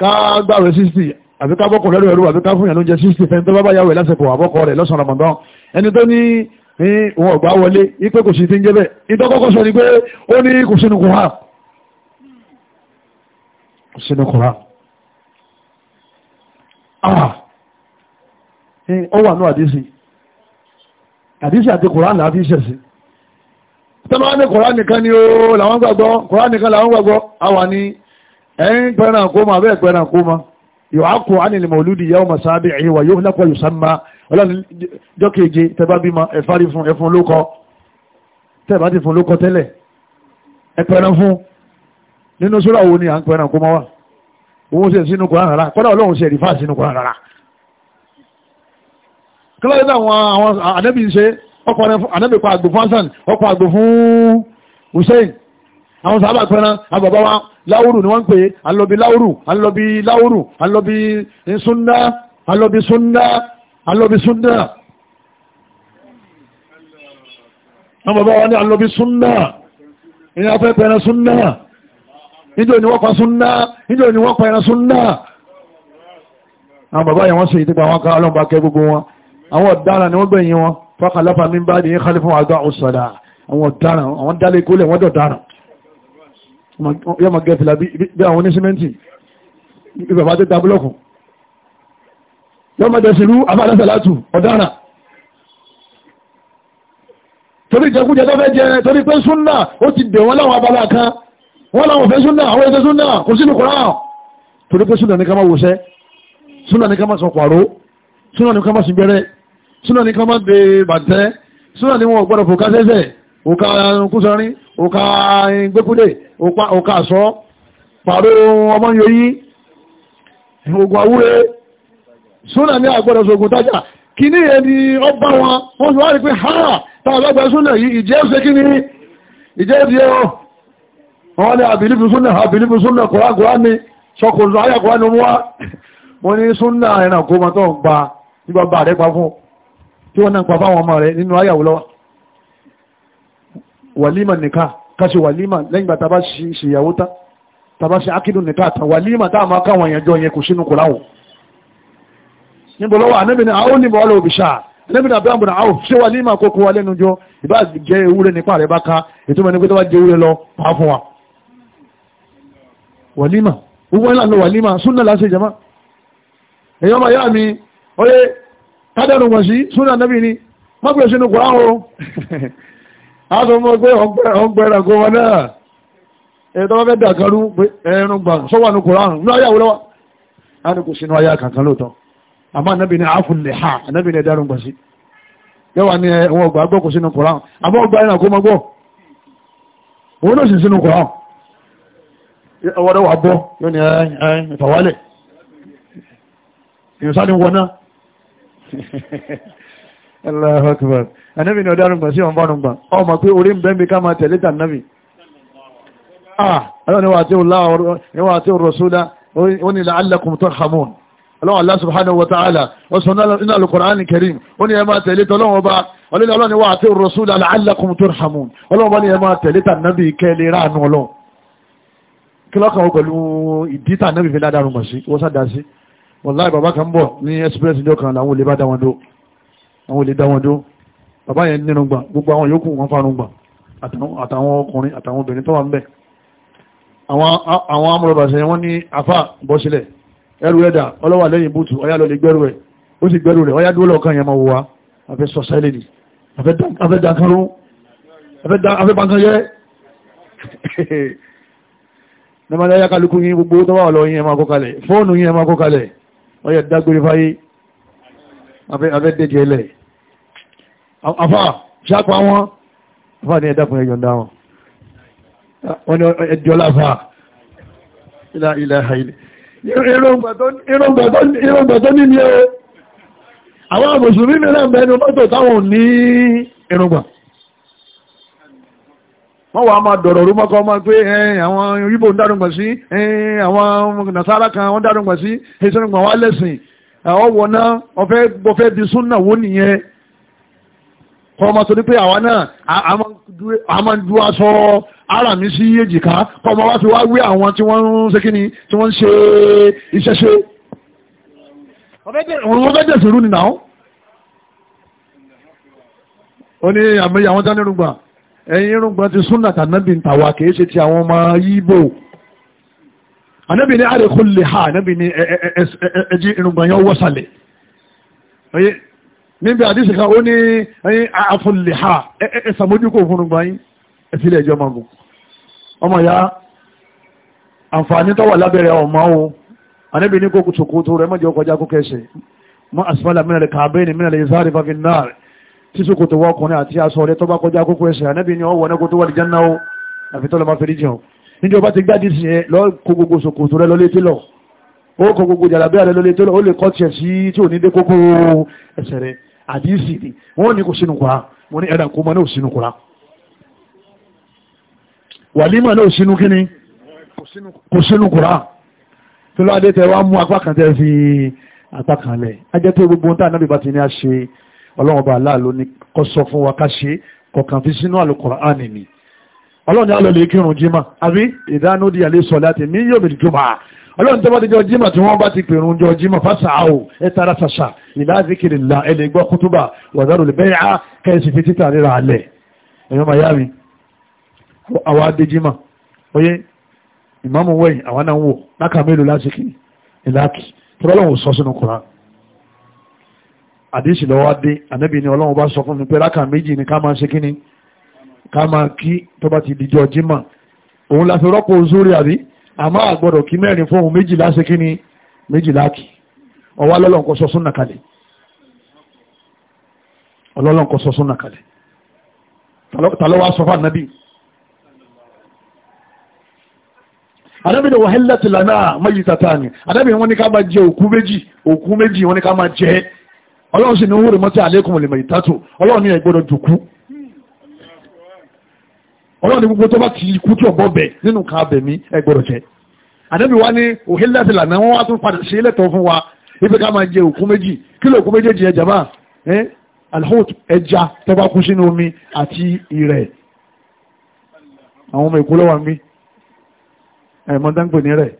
ká gbàwé sísì àbí ká bọ́kọ̀ lẹ́rù ẹ̀rù àbí ká fún ìyànlóúnjẹ sísì fẹ́ bá bá yàwó lásìkò àbọ́kọ̀ rẹ̀ lọ́sàn-án Ramadan ẹni tó ní ní wọn ọ̀gbá wọlé ipé kò sí ti ń jẹ́ bẹ́ẹ̀ ìtọ́kọ́kọ́ sọ ni pé ó ní kò sínú kò sínú ah wà ní àdísì àdísì àti kùrá là á fi ṣẹ̀sì ní kùrá nìkan ni ó làwọn gbàgbọ́ kùrá nìkan làwọn gbàgbọ́ ni ẹ̀yìn pẹ̀rẹ̀ àkómọ abẹ́ yóò á kó wa ọlọ́run jọ́ keje tẹ́bá bímọ ẹ̀fárí fún ẹ̀fún lókọ tẹ́bá ti fún lókọ tẹ́lẹ̀ ẹ̀pẹ̀rẹ̀ fún nínú sóra wo ni à ń pẹ̀rẹ̀ kó mọ́ wà òun ṣe sínú kọ́ rárá kọ́dà ọlọ́run ṣe rìfáà sínú kọ́ rárá kílódé náà àwọn ànábì ṣe ọkọ̀ ànábì pa àgbò fún hasan ọkọ̀ àgbò fún hussein àwọn sábà pẹran àgbàbá wa láwùrù ni wọ́n ń pè alọ́bí alóbi súnà wọ́n bàbá wa ní alóbi súnà ìyá fẹ́ pẹ̀rẹ̀ súnà níjọ́ ni wọ́n pa súnà níjọ́ ni wọ́n pẹ̀rẹ̀ súnà àwọn bàbá yẹn wọ́n sì ìdígbà wọn ká ọlọ́mbà kẹ gbogbo wọn àwọn ọ̀daràn ni wọ́n gbẹ̀yìn wọn fọ́kànlọ́fà mi bá dìí kálí fún àgbà òṣàdá àwọn ọ̀daràn àwọn dálé kólẹ̀ wọ́n dọ̀daràn yọ́ ma bí àwọn oníṣẹ́mẹ́ntì bí bàbá tó dá búlọ́kùn yọmọdẹ̀sìlú afẹ́lẹ́sẹ̀látù ọ̀dára torí jẹkújẹ tó fẹ́ jẹ torí pé súnnà ó ti dè wọ́n láwọn abala kan wọ́n láwọn fẹ́ súnnà àwọn ẹ̀sẹ̀ súnnà kò sínú Kùránì torí pé súnnà ní ká máa wòṣẹ́ súnnà ní ká máa sọ̀pàró súnnà ní ká máa sìnbẹ̀rẹ̀ súnnà ní ká máa dè bàtẹ́ súnnà ní wọn gbọ́dọ̀ fòká sẹ́sẹ̀ òka kúsọrin òka gbẹ́kúlé òka àṣọ pàró ọmọ yoyí ògùn àwúrẹ́ súnà ní àgbọ̀dọ̀ sógun tájà kí ní ẹni ọba wọn wọ́n sọ wá rí pé ha tààlọ́gbà súnà yìí ìjẹ́ ó ṣe kí ní ìjẹ́ ó di ẹ́ wọ́n ní àbìlífù súnà àbìlífù súnà kòrákòrá ni sọkùnrin ayàkòrá ni wọ́n wọ́n ní súnà ẹranko ma tó ń gba nígbà bá rẹ̀ pa fún tí wọ́n náà pa fáwọn ọmọ rẹ̀ nínú ayàwó lọ́wọ́ wàlímà nìka káwọn èèyàn yẹn kò sínú kòráwọ̀n níbo lọ́wọ́ ànábì ní àwọn oníbọ̀ ọlọ́ òbíṣà ànábì ní abẹ́ àbùnà àwọn ṣé wà ní ìmọ̀ àkókò wa lẹ́nu jọ ìbá jẹ ewúrẹ́ nípa rẹ̀ bá ká ètò mẹ́ni pé tó bá jẹ ewúrẹ́ lọ pa fún wa. wàlímà gbogbo ńlá lọ wàlímà súnà láṣẹ jama èyàn máa yá mi ọyẹ kádàrú wọn sí súnà ànábì ni má pèsè ní kùrá o àwọn [LAUGHS] ọmọ pé ọgbẹ́ra kó wọn náà ẹ̀ẹ́dọ́ wọn fẹ́ dàkàrú ẹ̀ẹ́rùn gbà sọ́wọ́ ànukùrá àrùn ní àmọ́ ànábì ní àáfùlẹ̀ ha ànábì ní ẹ̀dárùn eh, gbà sí yẹ́wà ní ẹ̀wọ̀n ọgbà gbọ́ kò sínú kòrán àmọ́ ọgbà ẹ̀nà kó mọ́ gbọ́ òun ló sì sínú kòrán ọwọ́dọ̀ wà bọ́ yóò ní ẹ̀yìn eh, eh, ìfàwálẹ̀ èèyàn sáré wọn náà [LAUGHS] Allahu Akbar ànábì ní ọ̀dárùn gbà sí ọ̀n bárùn gbà ọmọ pé orí ọlọ́run Allah subhanahu wa ta'ala ọ̀sán iná al-Qur'an al-Karim ó ní ẹ máa tẹ̀lé tọ́lọ́run ọba ọlọ́run ọlọ́run wà àti rasula la'allakum turhamun ọlọ́run bá ní ẹ máa tẹ̀lé tànàbí kẹ́lẹ́ ráàánú ọlọ́run kí lọ́kàn ó pẹ̀lú ìdí tànàbí fi ládàrú mọ̀ sí wọ́n sádà sí wallahi bàbá kan bọ̀ ní express ìjọ kan làwọn olè bá dá wọn dó àwọn olè dá wọn dó bàbá yẹn nínú gbà gbogbo àwọn yòókù wọn fárun gbà àtàwọn ọkùnrin àtàwọn obìnrin tó wà ń bẹ̀ àwọn amúrọ̀bàṣẹ wọn ní afá bọ́ sílẹ̀ ẹrù ẹ̀dà ọlọ́wà lẹ́yìn búùtù ọyá lọ lè gbẹ́rù ẹ̀ ó sì gbẹ́rù rẹ̀ ọyá dúró lọ́ọ̀kan yẹn máa afẹ́ sọ̀sẹ́lẹ̀ ni afẹ́ dankarú afẹ́ bankan yẹ [LAUGHS] nígbàdá yá kálukú yín gbogbo tó wà lọ yín ẹ máa kó kalẹ̀ fóònù yín ẹ máa kó kalẹ̀ ọyẹ dágbére fáyé afẹ́ dẹ́jẹ́ lẹ̀ afá ṣápa wọn afá ni ẹ̀dàkùn ẹ̀yọ̀ ilá ilá ilá Èròǹgbà tó ní ní o. Àwọn Mùsùlùmí mìíràn bẹnu mọ́tò táwọn ní èròǹgbà. Wọ́n wà máa dọ̀rọ̀ mọ́kọ́ pé àwọn Ibo ń dárùngbà sí, àwọn Nàsárà kan wọ́n dárùngbà sí, èsìrìngbà wá lẹ́sìn, ọwọ́ náà, di súnnà wó kọ́ ọmọ torí pé àwa náà a máa ń du aṣọ ara mi sí èjìká kọ́ ọmọ wá fi wá wí àwọn tí wọ́n ń ṣe kí ni tí wọ́n ń ṣe iṣẹ́ ṣe. òun fẹ́ dẹ̀sẹ̀ rú ni nà ó. ó ní àmì àwọn tán nírúgbà ẹ̀yin irúgbà ti súnà tànàbì ń tàwa kì í ṣe ti àwọn ọmọ yíbò. ànábì ní àrèkó lè ha ànábì ní ẹjí irúgbà yẹn wọ́sàlẹ̀ níbi àdíṣe kan ó ní ẹyin àfọlẹ̀hà ẹ ṣàmójúkò fún gbà yín ẹ fi ilẹ̀ ìjọ máa gùn ọmọ ìyá àǹfààní tó wà lábẹ́rẹ̀ ọ̀mọ́ o àníbi ní kókò ṣòkòtò rẹ̀ mọ́jọ́ kọjá kó kẹsẹ̀ mọ́ àṣìfàlà mìíràn kàbẹ́ẹ̀nì mìíràn ìzáàrí fàfin náà tí ṣòkòtò wọ ọkùnrin àti aṣọ rẹ̀ tó bá kọjá kókò ẹsẹ̀ àníbi ní ọwọ́ ẹnẹ́kó tó wà lìjẹ́ náà àfi tọ́lọ máa fẹ́rí jẹun níjọ́ bá ti gbádì sí ẹ lọ kó gbogbo ṣòkòtò rẹ̀ lọlé tí àdíìsì ni wọ́n ní kò sínú kura wọ́n ní ẹ̀dà kó mọ́ ní òsínú kura wàlímà ní òsínú kíni kò sínú kura tó ló adé tẹ wá mú apá kan tẹ fi apá kan lẹ̀ á jẹ́ pé gbogbo ohun tá ànábì ti ní a ṣe ọlọ́run aláàlú ni kọ́ sọ fún wa ká ṣe kọ̀ọ̀kan fi sínú àlùkùránì ni ọlọ́run ni lọ lè kírun jímà àbí ìdánù ọlọ́run tó bá ti jọ jímọ̀ tí wọ́n bá ti pèrún jọ jímọ̀ fásà o ẹ tara sàṣà ìlà zikiri la ẹni gbọ́ kútúbà wàzárò lè bẹ́ẹ̀ á kẹ́sì fi títà ríra alẹ̀ ẹ̀yọ́ miami àwọn adé jímọ̀ oyé ìmáàmù wẹ̀yìn àwọn náà ń wò láka mélòó lásìkì ìlàkì tó lọ́wọ́ sọ sínú kura àdéṣì lọ́wọ́ adé ànábì ni ọlọ́run bá sọ fún mi pé láka méjì ni ká máa ṣe kíni ká àmọ́ àgbọ̀dọ̀ kí mẹ́rin fún ohun méjìlá ṣe kí ni méjìlá kì ọwọ́ ọlọ́lọ́nkọ sọ súnà kalẹ̀ ọlọ́lọ́nkọ sọ súnà kalẹ̀ tàlọ́wọ́ sọ fún ànábì ànábì ni wọ́n hẹ́lẹ́ tìlà náà mọ́yì tata ni ànábì wọ́n ní ká máa jẹ òkú méjì òkú méjì wọ́n ní ká máa jẹ ọlọ́run sì ní wúrò mọ́tí àlékún lè mọ̀ ọlọ́run ní ẹ̀gbọ́dọ̀ dùkú ọlọ́run ní gbogbo tó bá ti ikú tí ọ̀bọ bẹ̀ nínú nǹkan abẹ̀mí ẹ gbọ́dọ̀ jẹ́ àdébí wa ní òhèlẹ́sì lànà wọn wá tún padà ṣe é lẹ́tọ̀ọ́ fún wa ibi ká máa jẹ òkú méjì kí ló òkú méjèèjì ẹ jàmbá ẹ alhut ẹja tó bá kú sínú omi àti ìrẹ̀ àwọn ọmọ èkó lọ́wọ́ mi ẹ̀ mọ́ dáńgbò ní rẹ̀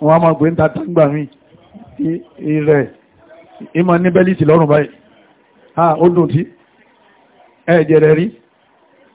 wọ́n á máa gbé ń dáńgbà mi ìrẹ̀ ìmọ̀ ní bẹ́líìtì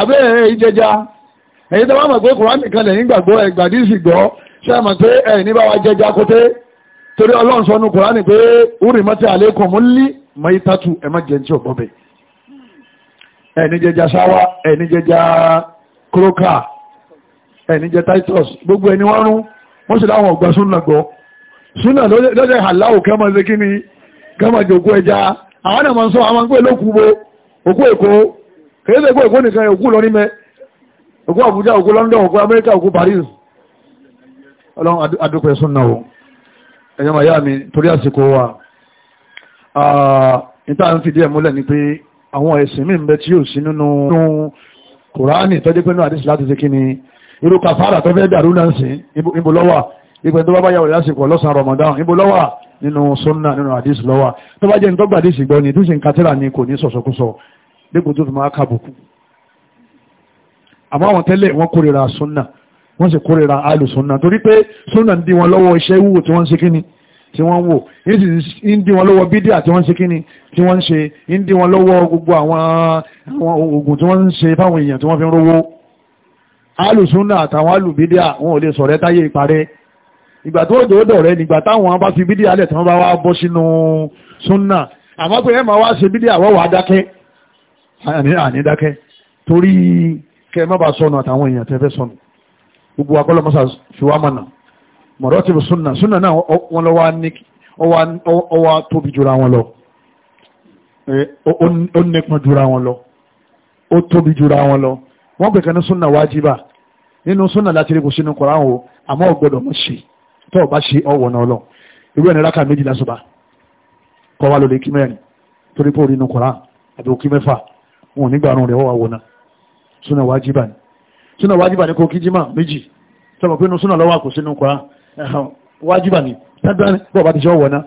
àbẹ́ẹ̀rẹ́ ìjẹja èyí tó wọ́n mọ̀ pé gbọ́ ṣe pé ní bá wa jẹja kóté torí ọlọ́run sọnù kùrán pé orí mọ́tí àlékún mú lí mọ́ ìtàtù ẹ̀ má jẹun tí ò gbọ́bẹ̀ ẹ̀ jẹja sáwá jẹja kúrókà jẹ titus gbogbo ẹni wọ́n rún wọ́n sì súnà súnà kèyí sẹ́gbọ́ èkó nìkan òkú lọ nímẹ́ òkú Àbújá òkú London òkú Amẹ́ríkà òkú Paris ọlọ́run adúpẹ́ súnà o ẹ̀yọ́ màá yá mi torí àsìkò wa níta ń fìdí ẹ̀ múlẹ̀ ni pé àwọn ẹ̀sìn mí ń bẹ tí yóò sí nínú Kùránì tọ́jú pé nínú àdìsí láti ṣe kí ni irú kàfàrà tó Ramadan ibo lọ́wà nínú súnà nínú àdìsí lọ́wà tó bá jẹ́ ní tó dípò tó fi máa kábùkù àmọ́ àwọn tẹ́lẹ̀ wọ́n kórìíra súnà wọ́n sì kórìíra àlù súnà torí pé súnà ń dí wọn lọ́wọ́ iṣẹ́ wúwo tí wọ́n ń ṣe kíni tí wọ́n wò ń dí wọn lọ́wọ́ bídíà tí wọ́n ń ṣe kíni tí wọ́n ń ṣe ń dí wọn lọ́wọ́ gbogbo àwọn oògùn tí wọ́n ń ṣe fáwọn èèyàn tí wọ́n fi ń rówó àlù súnà àtàwọn àlù bídíà wọn ò lè sọ̀rẹ́ táyé ìparẹ́ ìgbà tó dòó dọ̀rẹ́ nígbà táwọn bá fi bídíà lẹ̀ tí wọ́n bá wá bọ́ sínú súnà àmọ́ pé ẹ máa wá ṣe bídíà wọ́n wà á dákẹ́ àní dákẹ́ torí kẹ má bàa sọnù àtàwọn èèyàn tẹ́ fẹ́ sọnù gbogbo akọ́lọ́mọsà ṣùwámọ̀nà mọ̀rọ́ ti sunna sunna náà wọn lọ wá tóbi jura wọn lọ ó nípọn jura wọn lọ ó tóbi jura wọn lọ wọ́n pè kan ní sunna wájibà nínú sunna láti rí kò sínú Kùránì o àmọ́ ọ̀gbọ́dọ̀ mọ̀ ṣe tó o bá ṣe ọwọ́ náà lọ irú ẹni rákà méjìlá ṣùgbọ́n kọ́ wa lórí kí mẹ́rin torí pé orí inú Kùránì àbí òkí mẹ́fà wọn nígbà ọ̀run rẹ̀ wọ́n wà wò náà súnà wájibà ni súnà wájibà ni kò kí jímà méjì sọ̀rọ̀ pé inú súnà lọ́wọ́ kò sínú kọ́ra wájibà ni tẹ́gbẹ́ bọ́ bá ti ṣe ọ̀wọ̀ náà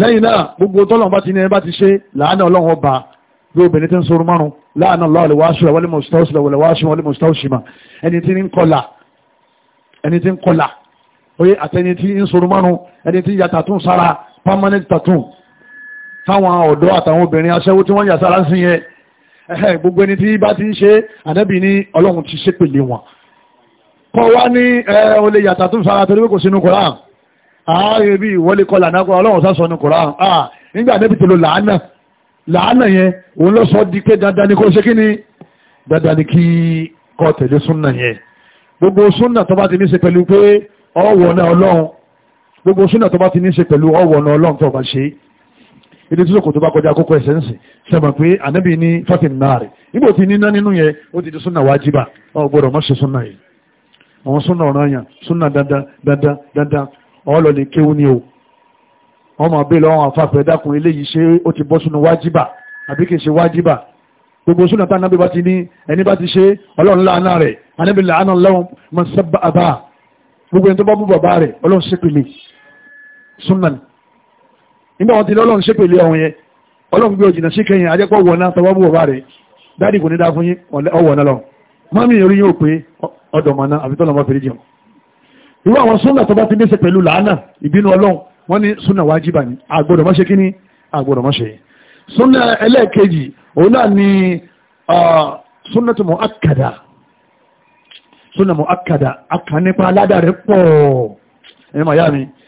lẹ́yìn náà gbogbo tọ́lọ̀ bá ti ní ẹ bá ti ṣe làánà ọlọ́run ọba bí obìnrin tí ń sọ̀rọ̀ oye àtẹni tí ń sọ̀rọ̀ márùn ẹni tí yàtà tún sára fáwọn ọ̀dọ́ àtàwọn obìnrin aṣẹ́wó tí wọ́n yà sára sí yẹn ẹ̀hẹ́ gbogbo ẹni tí bá ti ń ṣe ànábì ní ọlọ́run ti ṣépèlé wọn kọ́ wá ní ẹ o lè yàtà tó fara torí pé kò sínú koran ààrẹ bí ìwọlé kọ́ lànà kan ọlọ́run sásọ ní koran à nígbà ànábì tó lo làánà làánà yẹn òun lọ sọ di pé dandan gbogbo súnà tó bá ti ní ṣe pẹ̀lú pé ọwọ́ ọlọ́run tó bá ṣe é ilé tíṣòkò tó bá kọjá kókó ẹsẹ̀ ń sìn sẹ́mọ̀ pé ànábì ní fọ́tìn náà rẹ̀ nígbà tí níná nínú yẹn ó ti di súnà wájibà ọ gbọ́dọ̀ má ṣe súnà yìí àwọn súnà ọ̀ràn yàn súnà dandan dandan dandan ọlọ lè kéwú ni o wọn máa bèèrè àwọn afáfẹ́ dákun eléyìí ṣé ó ti bọ́ súnà wájibà àbí kì í ṣe wájibà gbogbo súnà tá ànábì bá ti ní ẹni bá ti ṣe ọlọ́run láàánà nígbà wọn ti lọ́lọ́run ṣépèlé ọ̀hún yẹn ọlọ́run gbé òjìnà síkẹyìn ajẹ́pọ̀ wọ̀ná tọwọ́ bú ọba rẹ̀ dáàdì kò ní dá fún yín ọwọ́ná lọ mọ́mí orí yóò pé ọdọ̀ mọ̀nà àbí tọ́lọ̀ mọ́fẹ́rí jẹun irú àwọn súnà tó bá ti ní ṣe pẹ̀lú làánà ìbínú ọlọ́run wọ́n ní súnà wájibà ní àgbọ̀dọ̀ kíní àgbọ̀dọ̀ súnà ẹlẹ́ẹ̀kejì òun náà ni súnà tó mọ̀ àkàdà súnà mọ̀ àkàdà àkànnípa aládàá rẹ̀ pọ̀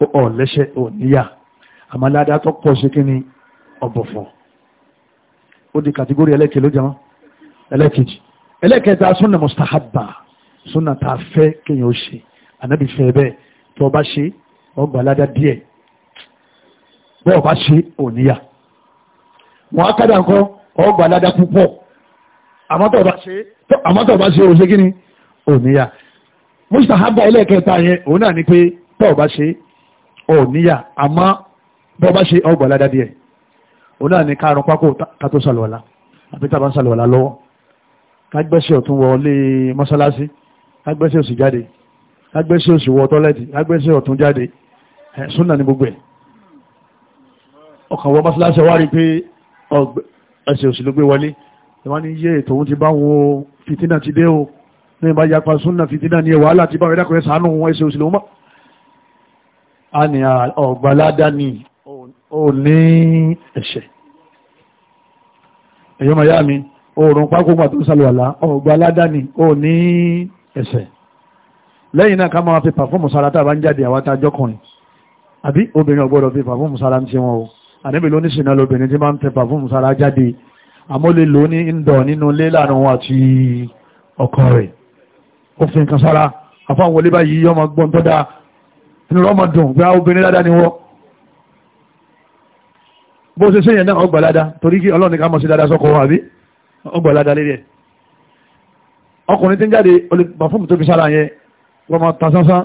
ọ̀ lẹ́ṣẹ̀ ò níyà àmọ́ ládàá tó pọ̀ sí kíni ọ̀bọ̀ fún ó di kàtígórì ẹlẹ́kẹ̀ ló jẹun ẹlẹ́kejì ẹlẹ́kẹta súnà mustahaba súnà tá a fẹ́ kéèyàn ó ṣe ànábì fẹ́ bẹ́ẹ̀ tó bá ṣe ọgbà ládàá díẹ̀ bọ́ọ̀ bá ṣe ò níyà wọ́n á kádà nǹkan ọgbà ládàá púpọ̀ àmọ́ tó bá ṣe ò ṣe kíni ò níyà mustahaba ẹlẹ́kẹta yẹn òun náà ni pé tó bá ṣe ò níyà àmọ́ bọ́ bá ṣe ọgbà ládá díẹ̀ òun náà ní kárùn pákó ká tó sàlùwàlá àbí tá a bá ń sàlùwàlá lọ́wọ́ ká gbẹ́sẹ̀ ọ̀tún wọlé mọ́sálásí ká gbẹ́sẹ̀ òsì jáde ká gbẹ́sẹ̀ òsì wọ tọ́lẹ́tì ká gbẹ́sẹ̀ ọ̀tún jáde súnà ní gbogbo ẹ̀ ọkàn wọ mọ́sálásí wá rí pé ẹsẹ̀ òsì ló gbé wọlé ìwọ́n ní yé ètò òun ti bá wo fìtínà ti dé o ní ìbá yapa súnà fìtínà ní wàhálà ti bá rẹ̀ dákọ̀ ẹ̀ a ní ọ̀gbàládá ní ò ní ẹ̀ṣẹ̀ èyí màyá mi oòrùn pákópa tó ń sàlùwàlá ọ̀gbàládá ní ò ní ẹ̀ṣẹ̀ lẹ́yìn náà ká máa fi pàfọ́ọ̀mù sára tá a bá ń jáde àwọn atájọ́kùnrin àbí obìnrin ọ̀gbọ́dọ̀ fi pàfọ́ọ̀mù sára ń ti wọn o àníbi ló ní ṣìnà lóbìnrin tí máa ń tẹ pàfọ́ọ̀mù sára jáde àmọ́ lè lò nínú ilé láàrin wọn àti ọkọ rẹ̀ ó fi nǹkan sára àfáwọn olébá yìí yọ́ máa gbọ́n tó dáa inú rọ́mọ dùn gba ah, obìnrin dáadáa ni wọ́ bó ṣe sẹ́yìn náà ọgbà ládàá torí kí ọlọ́run ní ká mọ̀ sí dáadáa sọ́kọ̀ àbí ọgbà ládàá lérí ẹ̀ ọkùnrin tí ń jáde olùgbà fún mi tó fi sára yẹn wọ́n máa ta sánsán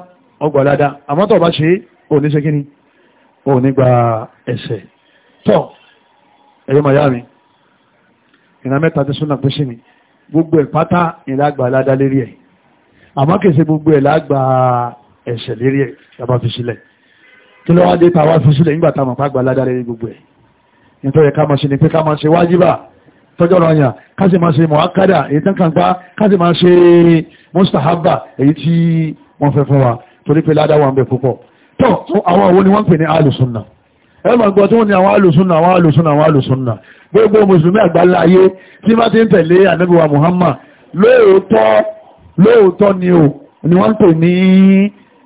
ọgbà ládàá àmọ́ tó bá ṣe òní ṣe kíni òní gba ẹsẹ̀ tọ́ ẹ̀yọ́ màyá mi ìran mẹ́ta ti súnà pé sí mi gbogbo ẹ̀ pátá ìlàgbà ládàá lérí ẹ̀ àmọ́ kèsè gbogbo ẹ̀ lágbàá ẹ̀ṣẹ̀ lérí ẹ̀ tàbá fi sílẹ̀ kí ló wá dé tàwa fi sílẹ̀ nígbà táwọn àpá gba ládàá gbogbo ẹ̀ nítorí ká máa ṣe ni pé ká máa ṣe wájibà tọ́jọ́ ọ̀rọ̀ yàn ká sì máa ṣe mọ̀ákádà èyí tán kàn gbá ká sì máa ṣe mustahaba èyí tí wọ́n fẹ́ fún wa torí pé ládàá wà bẹ púpọ̀ tó àwọn àwọn ni wọ́n ń pè ní alùsùnà ẹ máa gbọ́ tí wọ́n ní àwọn alùsùnà àwọn alùsùnà àwọn alùsùnà gbogbo mùsùlùmí àgbáńlá ayé tí bá ti ń tẹ̀lé ànábì Muhammad lóòótọ́ lóòótọ́ ni o ni wọ́n pè ní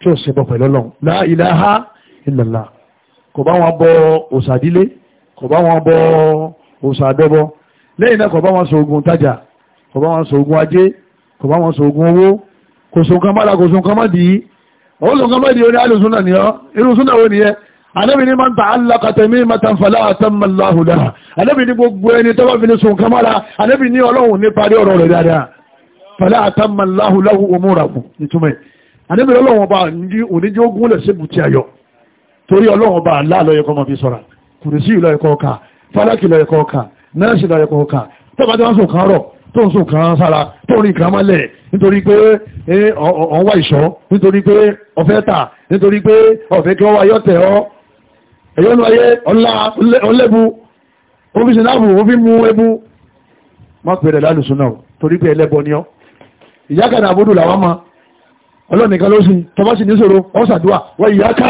tí ó ṣe bọ́ pẹ̀lú ọlọ́run la ilaha illallah kò bá wọn bọ òṣàdílé kò bá wọn bọ òṣàdẹ́bọ lẹ́yìn náà kò bá wọn sògùn tajà kò bá wọn sògùn ajé kò bá wọn sògùn owó kò sùn kan mọ́ra kò sùn kan mọ́ dì í ó sùn kan mọ́ dì í ó ní alùsùn náà nìyọ́ irú sùn náà wò nìyẹn Ànábì ní máa ń ta alákàtẹ̀ mí máa fàlá àtàmàláhùlá Ànábì ní gbogbo ẹni tó bá fi ní sun kamara Ànábì ní ọlọ́run ní parí ọ̀rọ̀ rẹ̀ dáadáa fàlá àtàmàláhùláhù òmúrakù nítumẹ̀ àníbi ọlọ́run ọba ní oníjẹ́ ogun lẹ̀ ṣe bùtì ayọ̀ torí ọlọ́run ọba aláàlọ́yẹ kọ́ máa fi sọ̀ra kùrìsí ìlọ́yẹ kọ́ ọ̀ka fálákì ìlọ́yẹ kọ́ ọ̀ka nọ́ọ̀sì ìlọ́yẹ kọ́ ọ̀ka tọ́ba tí wọ́n sùn kan rọ̀ tó ń sùn kan sára tó ń rìn kan mọ́lẹ̀ nítorí pé ọ̀n wá ìṣọ́ nítorí pé ọ̀fẹ́ tà nítorí pé ọ̀fẹ́ kí wọ́n wá yọ̀tẹ̀ ọ́ ẹ̀yọ́nu ayé ọ̀lẹ́bu òfin sinabu òfin má pèrè lálùsùn náà torí pé ẹlẹ́bọ ni ọ́ ìyá kan àbúdù làwọn máa ọlọ́run nìkan ló sì tọba sì níṣòro ọ ṣàdúà wọ́n ìyá ká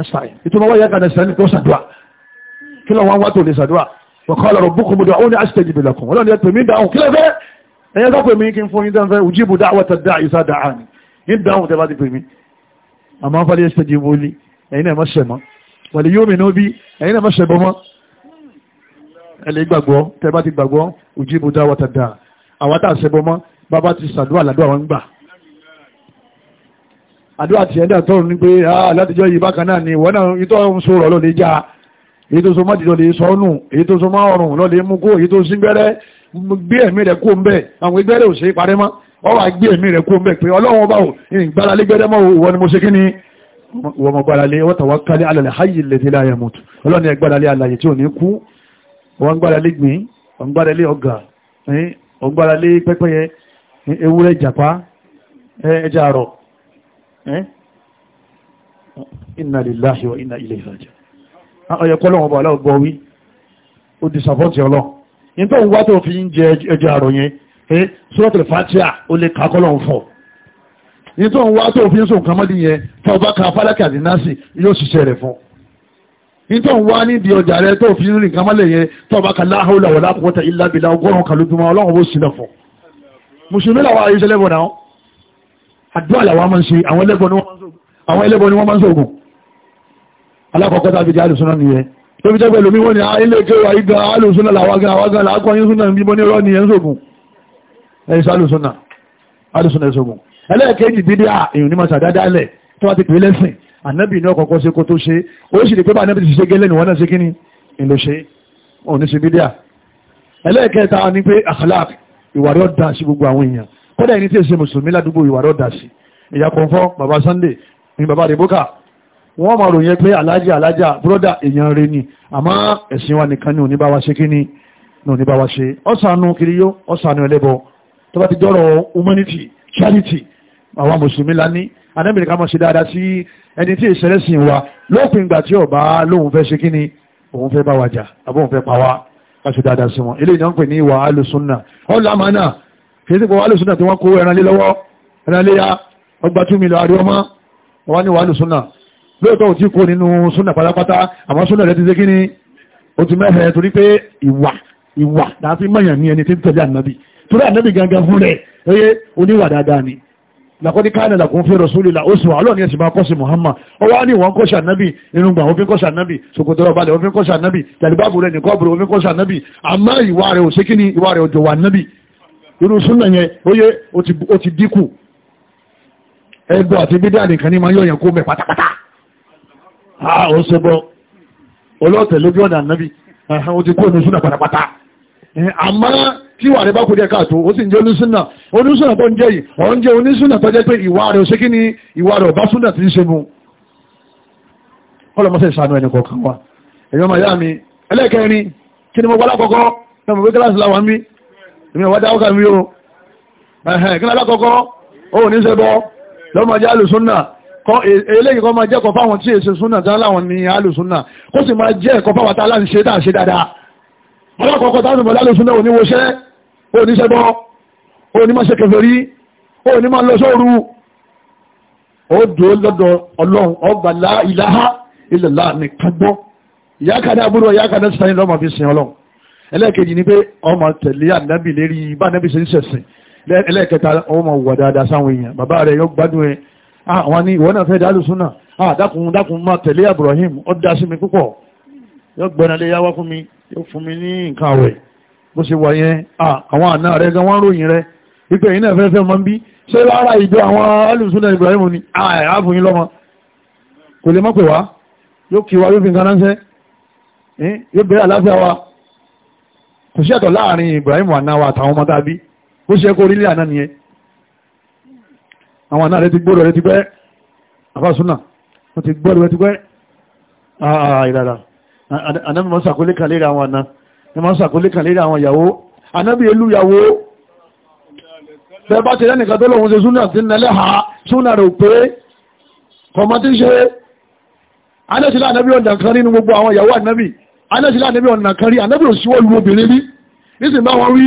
ẹ̀sàáyì ìtumọ̀ wọ́n ìyá ká ẹ̀sàáyì ní kó ṣàdúà kí lọ́wọ́ wá tó lè ṣàdúà wọ́kọ́ ọlọ́run búkú mu dùn àwọn aṣèjìbì lẹ́kùn ọlọ́run ẹ̀pẹ̀ mi dáhùn kí ló fẹ́ ẹ̀yẹ ká pè mí kí n fún yín dáhùn ujibu da'wata da'i iza da'ani yín dáhùn tẹ́ bá ti pè mí àmọ́ fàlẹ́ yastajibu li ẹ̀yin náà mọ̀ṣẹ̀ mọ́ wal yu'minu bi ẹ̀yin náà mọ̀ṣẹ̀ bọ́ mọ́ ẹ lè gbàgbọ́ tẹ́ bá ti gbàgbọ́ ujibu da'wata da'i àwọn tá a ṣẹbọ mọ́ bàbá ti ṣàdúrà làdúrà wọn gbà àdúrà tiẹ̀ dà tọ́run ní pé ah, látijọ́ yìí bákan náà ni wọ́n náà ìtọ́ ń so rọ̀ lọ́lẹ̀ já èyí tó so mọ́ jìdọ̀ lè sọ ọ́nù èyí tó so mọ́ ọ̀rùn lọ́lẹ̀ mú kó èyí tó sí gbẹ́rẹ́ gbé ẹ̀mí rẹ̀ kó ń bẹ̀ àwọn ìgbẹ́rẹ́ ò ṣe parẹ́ mọ́ ọ wà gbé ẹ̀mí rẹ̀ kó ń bẹ̀ pé ọlọ́run ọba ò ìgbáralé gbẹ́rẹ́ mọ́ ìwọ ni mo ṣe kí ni wọ́n mọ̀ gbáralé Eh? inna lillahi wa inna ilayhi raji'un ọ̀yẹ̀ ah, kọ́ lọ́wọ́ bọ̀ aláwọ̀gbọ́ wí ó di sàfọ́tì ọlọ́ yìí tó ń wá tó fi ń jẹ ẹjọ́ àrò yẹn ẹ suratul Fatiha ó lè kà kọ́lọ̀ ń fọ̀ yìí tó ń wá tó fi ń sùn kàmọ́dì yẹn tó bá ka fálákì àti násì yóò ṣiṣẹ́ rẹ̀ fún yìí tó ń wá nídìí ọjà rẹ tó fi ń rìn kàmọ́lẹ̀ yẹn tó bá ka la hawla wala quwwata illa ọgọ́rùn-ún kàlùdùmọ́ ọlọ́run ó sì fún mùsùlùmí làwọn ayéṣẹ́lẹ́bọ̀ náà àdúrà làwọn máa ń ṣe àwọn ẹlẹ́bọ ni wọ́n máa ń ṣògùn alákọ̀ọ́kọ́ tàbí jẹ́ alùsùnà nìyẹn tó fi jẹ́ pẹ̀lú mi wọ́n ah, ni ilé kéwà igba alùsùnà làwágan àwágan làákọ̀ọ́yìn súnà bíbọ́ ní rọ́ nìyẹn ṣògùn ẹ̀ṣẹ́ alùsùnà alùsùnà ẹ̀ṣògùn ẹlẹ́ẹ̀kejì dídí à èyàn ní màṣà dáadáalẹ̀ tó wá ti pè lẹ́sìn ànábì ní ọkọ̀ọ̀kọ́ ṣe kó tó ṣe ó sì ẹlẹ́ẹ̀kẹta ni pé àkàlà ìwà rẹ̀ sí gbogbo àwọn èèyàn kódà ẹni tí èsè mùsùlùmí ládùúgbò ìwà rọ̀ dà sí ìyá kọ̀ọ̀fọ́ bàbá Sunday ní bàbá rìbókà wọ́n máa ròyìn pé alájà alájà búrọ́dà èèyàn rẹ ni àmọ́ ẹ̀sìn wa nìkan ni oníbáwa ṣe kí ni oníbáwa ṣe ọ̀sánú kiriyó ọ̀sánú ẹlẹ́bọ tó bá ti dọ́rọ̀ humanity charity àwọn mùsùlùmí lání anẹ́bìnrin ká mọ̀ ṣe dáadáa sí ẹni tí ìṣẹ̀lẹ̀ sì wà lópin ìgbà tí ọba lóun fẹ́ ṣe kí ni òun fẹ́ bá wa jà àbóun fẹ́ pa wá ká ṣe dáadáa sí wọn eléyìí náà ń pè ní ìwà alùsùnà ọ̀làmánà kìí sí pé wàhálù súnà tí wọ́n kó ẹran lé lọ́wọ́ ẹran lé ya ọgbà tún mi lọ àrí ọmọ wọn ní wàhálù súnà lóòótọ́ ò tí kó nínú súnà pátápátá àmọ́ súnà rẹ ti ṣe kíni ó ti mẹ́hẹ̀ torí pé ìwà ìwà láti mọ̀yàn ní ẹni tí ń tẹ̀lé ànábì torí ànábì gangan fún rẹ̀ oyé oníwà dáadáa ni lakọ́dí káàlẹ̀ làkún fẹ́ rọ̀súlì là ó sì wà lọ́ọ̀ni ẹ̀sìn máa kọ́sì Muhammad ó wá ní ìwọ̀n kọ́sì ànábì irungba òfin kọ́sì ànábì sòkòtòrò balẹ̀ òfin kọ́sì ànábì jàdìbáàbò rẹ̀ nìkọ́bùrò òfin kọ́sì ànábì àmọ́ ìwà rẹ̀ ò sékíní ìwà rẹ̀ òjò wà ànábì irú súnà yẹn oyé ó ti dínkù ẹgbọ́ àti bídà nìkan ní ma yọ̀yàn kó mẹ́ pátápátá a ò ṣe bọ́ olóòtẹ̀ lójú ọ̀nà ànábì ó ti kó ní súnà pátápátá àmọ́ tí wà rẹ bá kú díẹ̀ káàtó ó sì ń jẹ́ onísúnà onísúnà tó ń jẹ́ yìí ọ̀ ń jẹ́ onísúnà tó jẹ́ pé ìwà rẹ̀ ò ṣe kí ni ìwà rẹ̀ ọ̀bá súnà ti ń ṣe mu ìṣàánú ẹni èmi ọ̀wá dáwọ́ kàmí o ẹ̀hẹ̀n kí lọ́dá kọ́kọ́ ó ní ṣe bọ́ lọ́mọ jẹ́ alùsúnà e, eléyìí kọ́ máa jẹ́ ẹ̀kọ́ fáwọn tí èsì súnà tán láwọn ní alùsúnà kó sì máa jẹ́ ẹ̀kọ́ fáwọn tá láti ṣe dáa ṣe dáadáa ọlọ́kọ̀ọ́kọ́ táwọn ìmọ̀lá alùsúnà ò ní woṣẹ́ ó ní ṣe bọ́ ó ní máa ṣe kèfèrí ó ní máa lọ ẹlẹ́ẹ̀kejì ni pé ọmọ tẹ̀lé ànábì lérí bá ànábì ṣe ń ṣẹ̀sìn ẹlẹ́ẹ̀kẹta ọmọ wà dáadáa sáwọn èèyàn bàbá rẹ̀ yóò gbádùn ẹ̀ àwọn ni ìwọ náà fẹ́ dálù súnà dákun dákun máa tẹ̀lé Ibrahim ó dá sí mi púpọ̀ yóò gbọ́nà lé yáwá fún mi yóò fún mi ní nǹkan àwẹ̀ bó ṣe wà yẹn àwọn àna rẹ̀ gan wọ́n ròyìn rẹ̀ wípé yìí náà fẹ́ fẹ́ mọ́ bí ṣé lára ìjọ àwọn alùsúnà Ibrahim ni ààbò yín lọ́mọ kò lè mọ́ pè wá yóò kí wa yóò fi nǹkan ránṣẹ́ yóò bẹ̀rẹ̀ àlàáfíà wa kò sí ẹ̀tọ̀ láàrin Ibrahim anáwà àtàwọn ọmọ tàbí ó ṣe kó orílẹ̀ àná nìyẹn àwọn àná rẹ ti gbọ́dọ̀ rẹ ti pẹ́ àfàsúnà wọ́n ti gbọ́dọ̀ rẹ ti pẹ́ ìdàdà anábì máa ń sàkólé kan lérí àwọn àná ẹ máa ń sàkólé kan lérí àwọn ìyàwó anábì elú ìyàwó bẹ́ẹ̀ bá ti lẹ́nìkan tó lóun ṣe súnà ti nẹlẹ́ ha súnà rẹ̀ pé kọ̀mọ́ ti ṣe anábì ọ̀dà kan nínú gbogbo àwọn ìyàwó anábì anẹ́sílẹ̀ ànẹ́bí ọ̀nà kan rí ànẹ́bí ò síwọ́ lu obìnrin rí nísìnyí bá wọn rí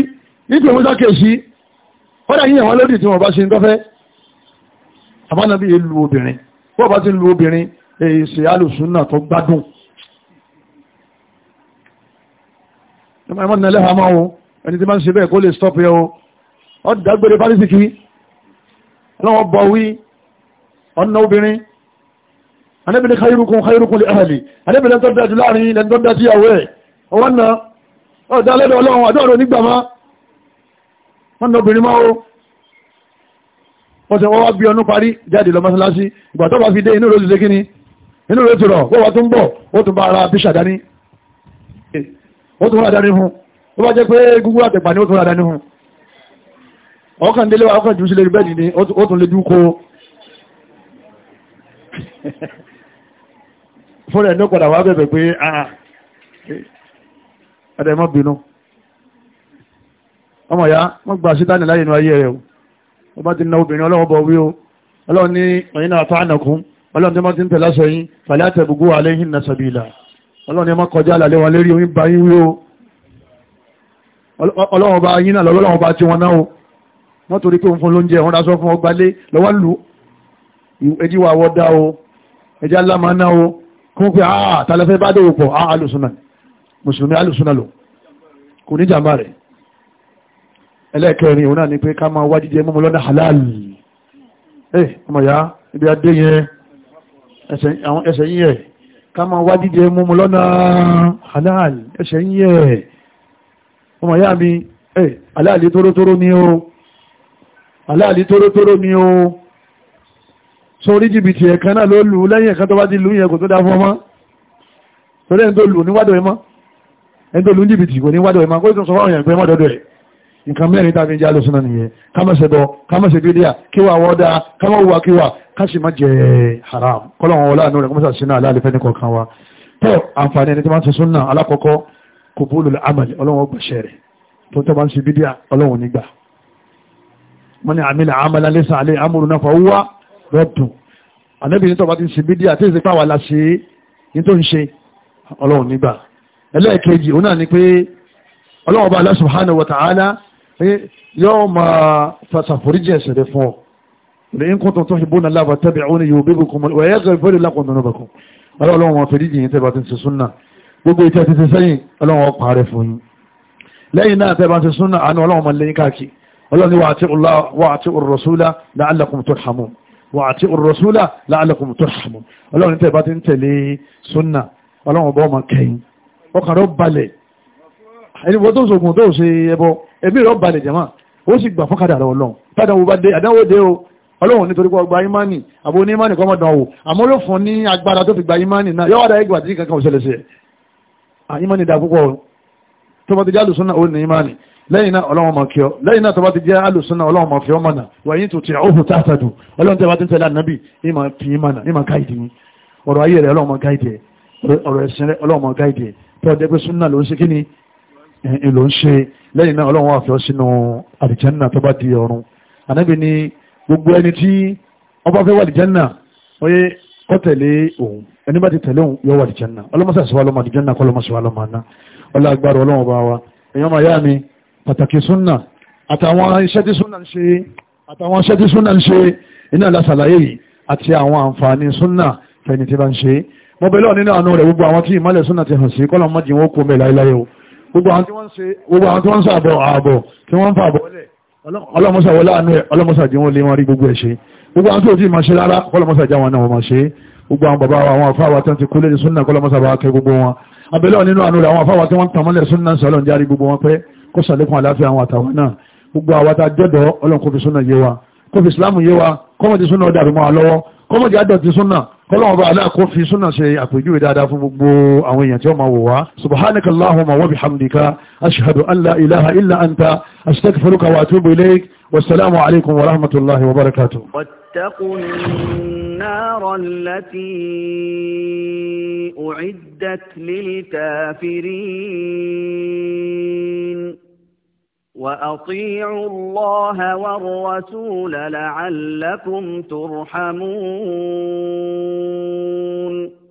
nítorí wọn sákèsí kọ́dà yíyan wọn lódì tí wọn bá ṣe ń tọ́fẹ́ àbánabí yẹn lu obìnrin bọ́ọ̀ bá ti lu obìnrin èyí ṣe alùsùnà tó gbádùn ẹmọ́ ìnà ẹlẹ́ha máa wọn ẹni tí máa ń ṣe bẹ́ẹ̀ kó lè stop yẹ o ọ dàgbére pálísìkì ọlọ́wọ́ bọ̀ wí ọ̀nà obìnrin anẹ́bìnrin khairukum khairukum li ahli anẹ́bìnrin tó dájú láàrin ilẹ̀ tó dájú ìyàwó ẹ̀ ọwọ́n na ọ̀dá lẹ́dọ̀ ọlọ́run àdọ́rọ̀ nígbà má wọ́n na obìnrin máa ó wọ́n tẹ wọ́n wá bí ọdún parí jáde lọ mọ́sálásí ìgbà tó bá fi dé inú rẹ̀ ṣe kíni inú rẹ̀ tó rọ̀ wọ́n wá tó ń bọ̀ ó tún bá ara bíṣà dání fúnra ẹ̀ ní padà wá bẹ̀bẹ̀ pé ah, ah, ẹ̀dẹ̀ mọ́ bínú ọmọ ya wọ́n gba sítánì láyé inú ayé rẹ̀ o wọ́n bá ti na obìnrin ọlọ́wọ́ bọ̀ wí o ọlọ́run ní ọ̀yìn náà fa ànàkún ọlọ́run tí wọ́n ti ń tẹ̀lé aṣọ yín fàlẹ́ àtẹ̀gbogbo alẹ́ yìí nà sàbìlà ọlọ́run ni wọ́n kọjá àlàlẹ́ náà o kún pé àà ah, tàlẹ́fẹ́ bá dòwò pọ̀ àà ah, alùsùnà mùsùlùmí alùsùnà lò kò ní jàmbá rẹ̀ ẹlẹ́ẹ̀kẹrin òun náà ni pé ká máa wá jíjẹ mọ́mọ́ lọ́nà halali ẹ̀ eh, ọmọ ìyá ibi adé yẹn ẹsẹ̀ yíyẹ ká máa wá jíjẹ mọ́mọ́ lọ́nà halali ẹsẹ̀ yíyẹ ọmọ ìyá mi ẹ̀ eh, halali tórótóró ni o halali tórótóró ni o sórí jìbìtì ẹ̀kan náà ló lù ú lẹ́yìn ẹ̀kan tó bá ti lù ú yẹn kò tó dá fún ọmọ torí ẹni tó lù ú níwádọ̀ ẹ̀ mọ́ ẹni tó lù ú jìbìtì kò níwádọ̀ ẹ̀ mọ́ kó tó sọ fáwọn yẹn pé mọ́dọ̀dọ̀ ẹ̀ nǹkan mẹ́rin tàbí jálò sínú nìyẹn kámẹ́sẹ̀ bọ́ kámẹ́sẹ̀ bídíà kíwà wọ́dá kámọ́wà kíwà káṣì má jẹ haram kọ́lọ̀wọ̀n wọlá àánú rẹ̀ kọ́mọ́sà sínú aláàlẹ́fẹ́ ní kọ̀ọ̀kan wa tó àǹfààní ẹni tí wọ́n ti súnà alákọ̀ọ́kọ́ kò bóòlù àmàlì ọlọ́wọ́n gbàṣẹ rẹ̀ tó tọ́ bá ń ṣe bídíà ọlọ́wọ́n nígbà wọ́n àmì yóò dùn ànábì ní tọ́ba ti ń ṣe bídí àti ìsìnkú àwọn aláṣẹ ní tó ń ṣe ọlọ́run nígbà ẹlẹ́ẹ̀kejì òun náà ni pé ọlọ́run ọba Allah subhanahu wa ta'ala yóò máa fàṣàforíjì ẹ̀ṣẹ̀ rẹ̀ fún ọ lẹ́yìn kó tuntun ṣe bóna lába tẹ́bí àwọn ènìyàn òbí kò mọ̀ ẹ̀yẹ́ gbẹ̀rẹ̀ fẹ́rẹ̀ lákùn nínú bẹ̀kùn ọlọ́run wọn náà tẹ́bà ti súnà àánú ọlọ́run mọ̀ lẹ́yìn káàkiri ọlọ́run ni la'allakum turhamun wà àti ar-rasula la'allakum turhamun ọlọ́run tẹ́ bá ti ń tẹ̀lé sunna ọlọ́run bọ́ ọmọ kẹyìn ọkàn rọ balẹ̀ ẹni wọ́n tó sògùn tó ṣe ẹbọ ẹbí rọ balẹ̀ jẹ̀mọ́ ó sì gbà fọ́kadà rẹ ọlọ́run tádà wo bá dé àdánwò dé o ọlọ́run nítorí pé ọgbà imani lẹ́yìn náà ọlọ́run máa kí ọ lẹ́yìn náà tó bá ti jẹ́ alùsùnà ọlọ́run máa fi ọ mọ̀nà wàyí tó ti ọ̀hún tààtàdù ọlọ́run tẹ́ bá ti ń tẹ̀lé ànábì ìmọ̀ fi í mọ̀nà ìmọ̀ káìdì mi ọ̀rọ̀ ayé rẹ̀ ọlọ́run máa káìdì ẹ̀ ọ̀rọ̀ ẹ̀sìn rẹ̀ ọlọ́run máa káìdì ẹ̀ tó ọdẹ súnà ló ń ṣe kíni ló ń ṣe lẹ́yìn náà ọlọ́run wà fi ọ sínú di ọ̀run ànábì ni gbogbo ẹni tí ó bá fẹ́ wà àlìjẹ́nà oyè kó tẹ̀lé òun ẹni bá ti tẹ̀lé òun yóò wà àlìjẹ́nà ọlọ́mọṣàṣẹ́wà lọ́mọ àlìjẹ́nà kọ́ lọ́mọṣàṣẹ́wà lọ́mọ àná ọlọ́ agbára ọlọ́run bá wa èèyàn máa yá mi pàtàkì súnà àtàwọn iṣẹ́ tí súnà ń ṣe àtàwọn iṣẹ́ tí súnà ń ṣe iná lásàlàyé yìí àti àwọn àǹfààní súnà fẹ́ni tí bá ń ṣe mo bẹ̀ lọ́ọ̀ nínú àánú rẹ̀ gbogbo àwọn tí ìmọ̀lẹ̀ súnà ti hàn sí kọ́lọ̀ mọ́jì wọn kó mẹ́ láéláé o gbogbo àwọn tí wọ́n ń sàbọ̀ ààbọ̀ tí wọ́n ń fà bọ́ lẹ̀ ọlọ́mọsà wọlé àánú ẹ̀ ọlọ́mọsà jí wọ́n lé wọn rí gbogbo ẹ̀ ṣe gbogbo àwọn tí ò tí ma ṣe rárá ọlọ́mọsà já wọn náà wọ́n ma ṣe gbogbo kó sàlékún àláfíà àwọn àtàwọn náà gbogbo àwọn tá a jọ́dọ̀ ọlọ́run kó fi súnà yé wa kó fi ìsìlámù yé wa kọ́mọ̀ ti súnà dàrú mọ́ wa lọ́wọ́ kọ́mọ̀ ti àdọ̀tí súnà kọ́lọ́wọ́ bá aláà kó súnà ṣe àpèjúwe dáadáa fún gbogbo àwọn èèyàn tí ó máa wò wá subhanaka allahumma wa bihamdika ashhadu an la ilaha illa anta astaghfiruka wa atubu ilayk wassalamu alaikum wa rahmatullahi wa barakatuh واتقوا النار التي أعدت للكافرين وأطيعوا الله والرسول لعلكم ترحمون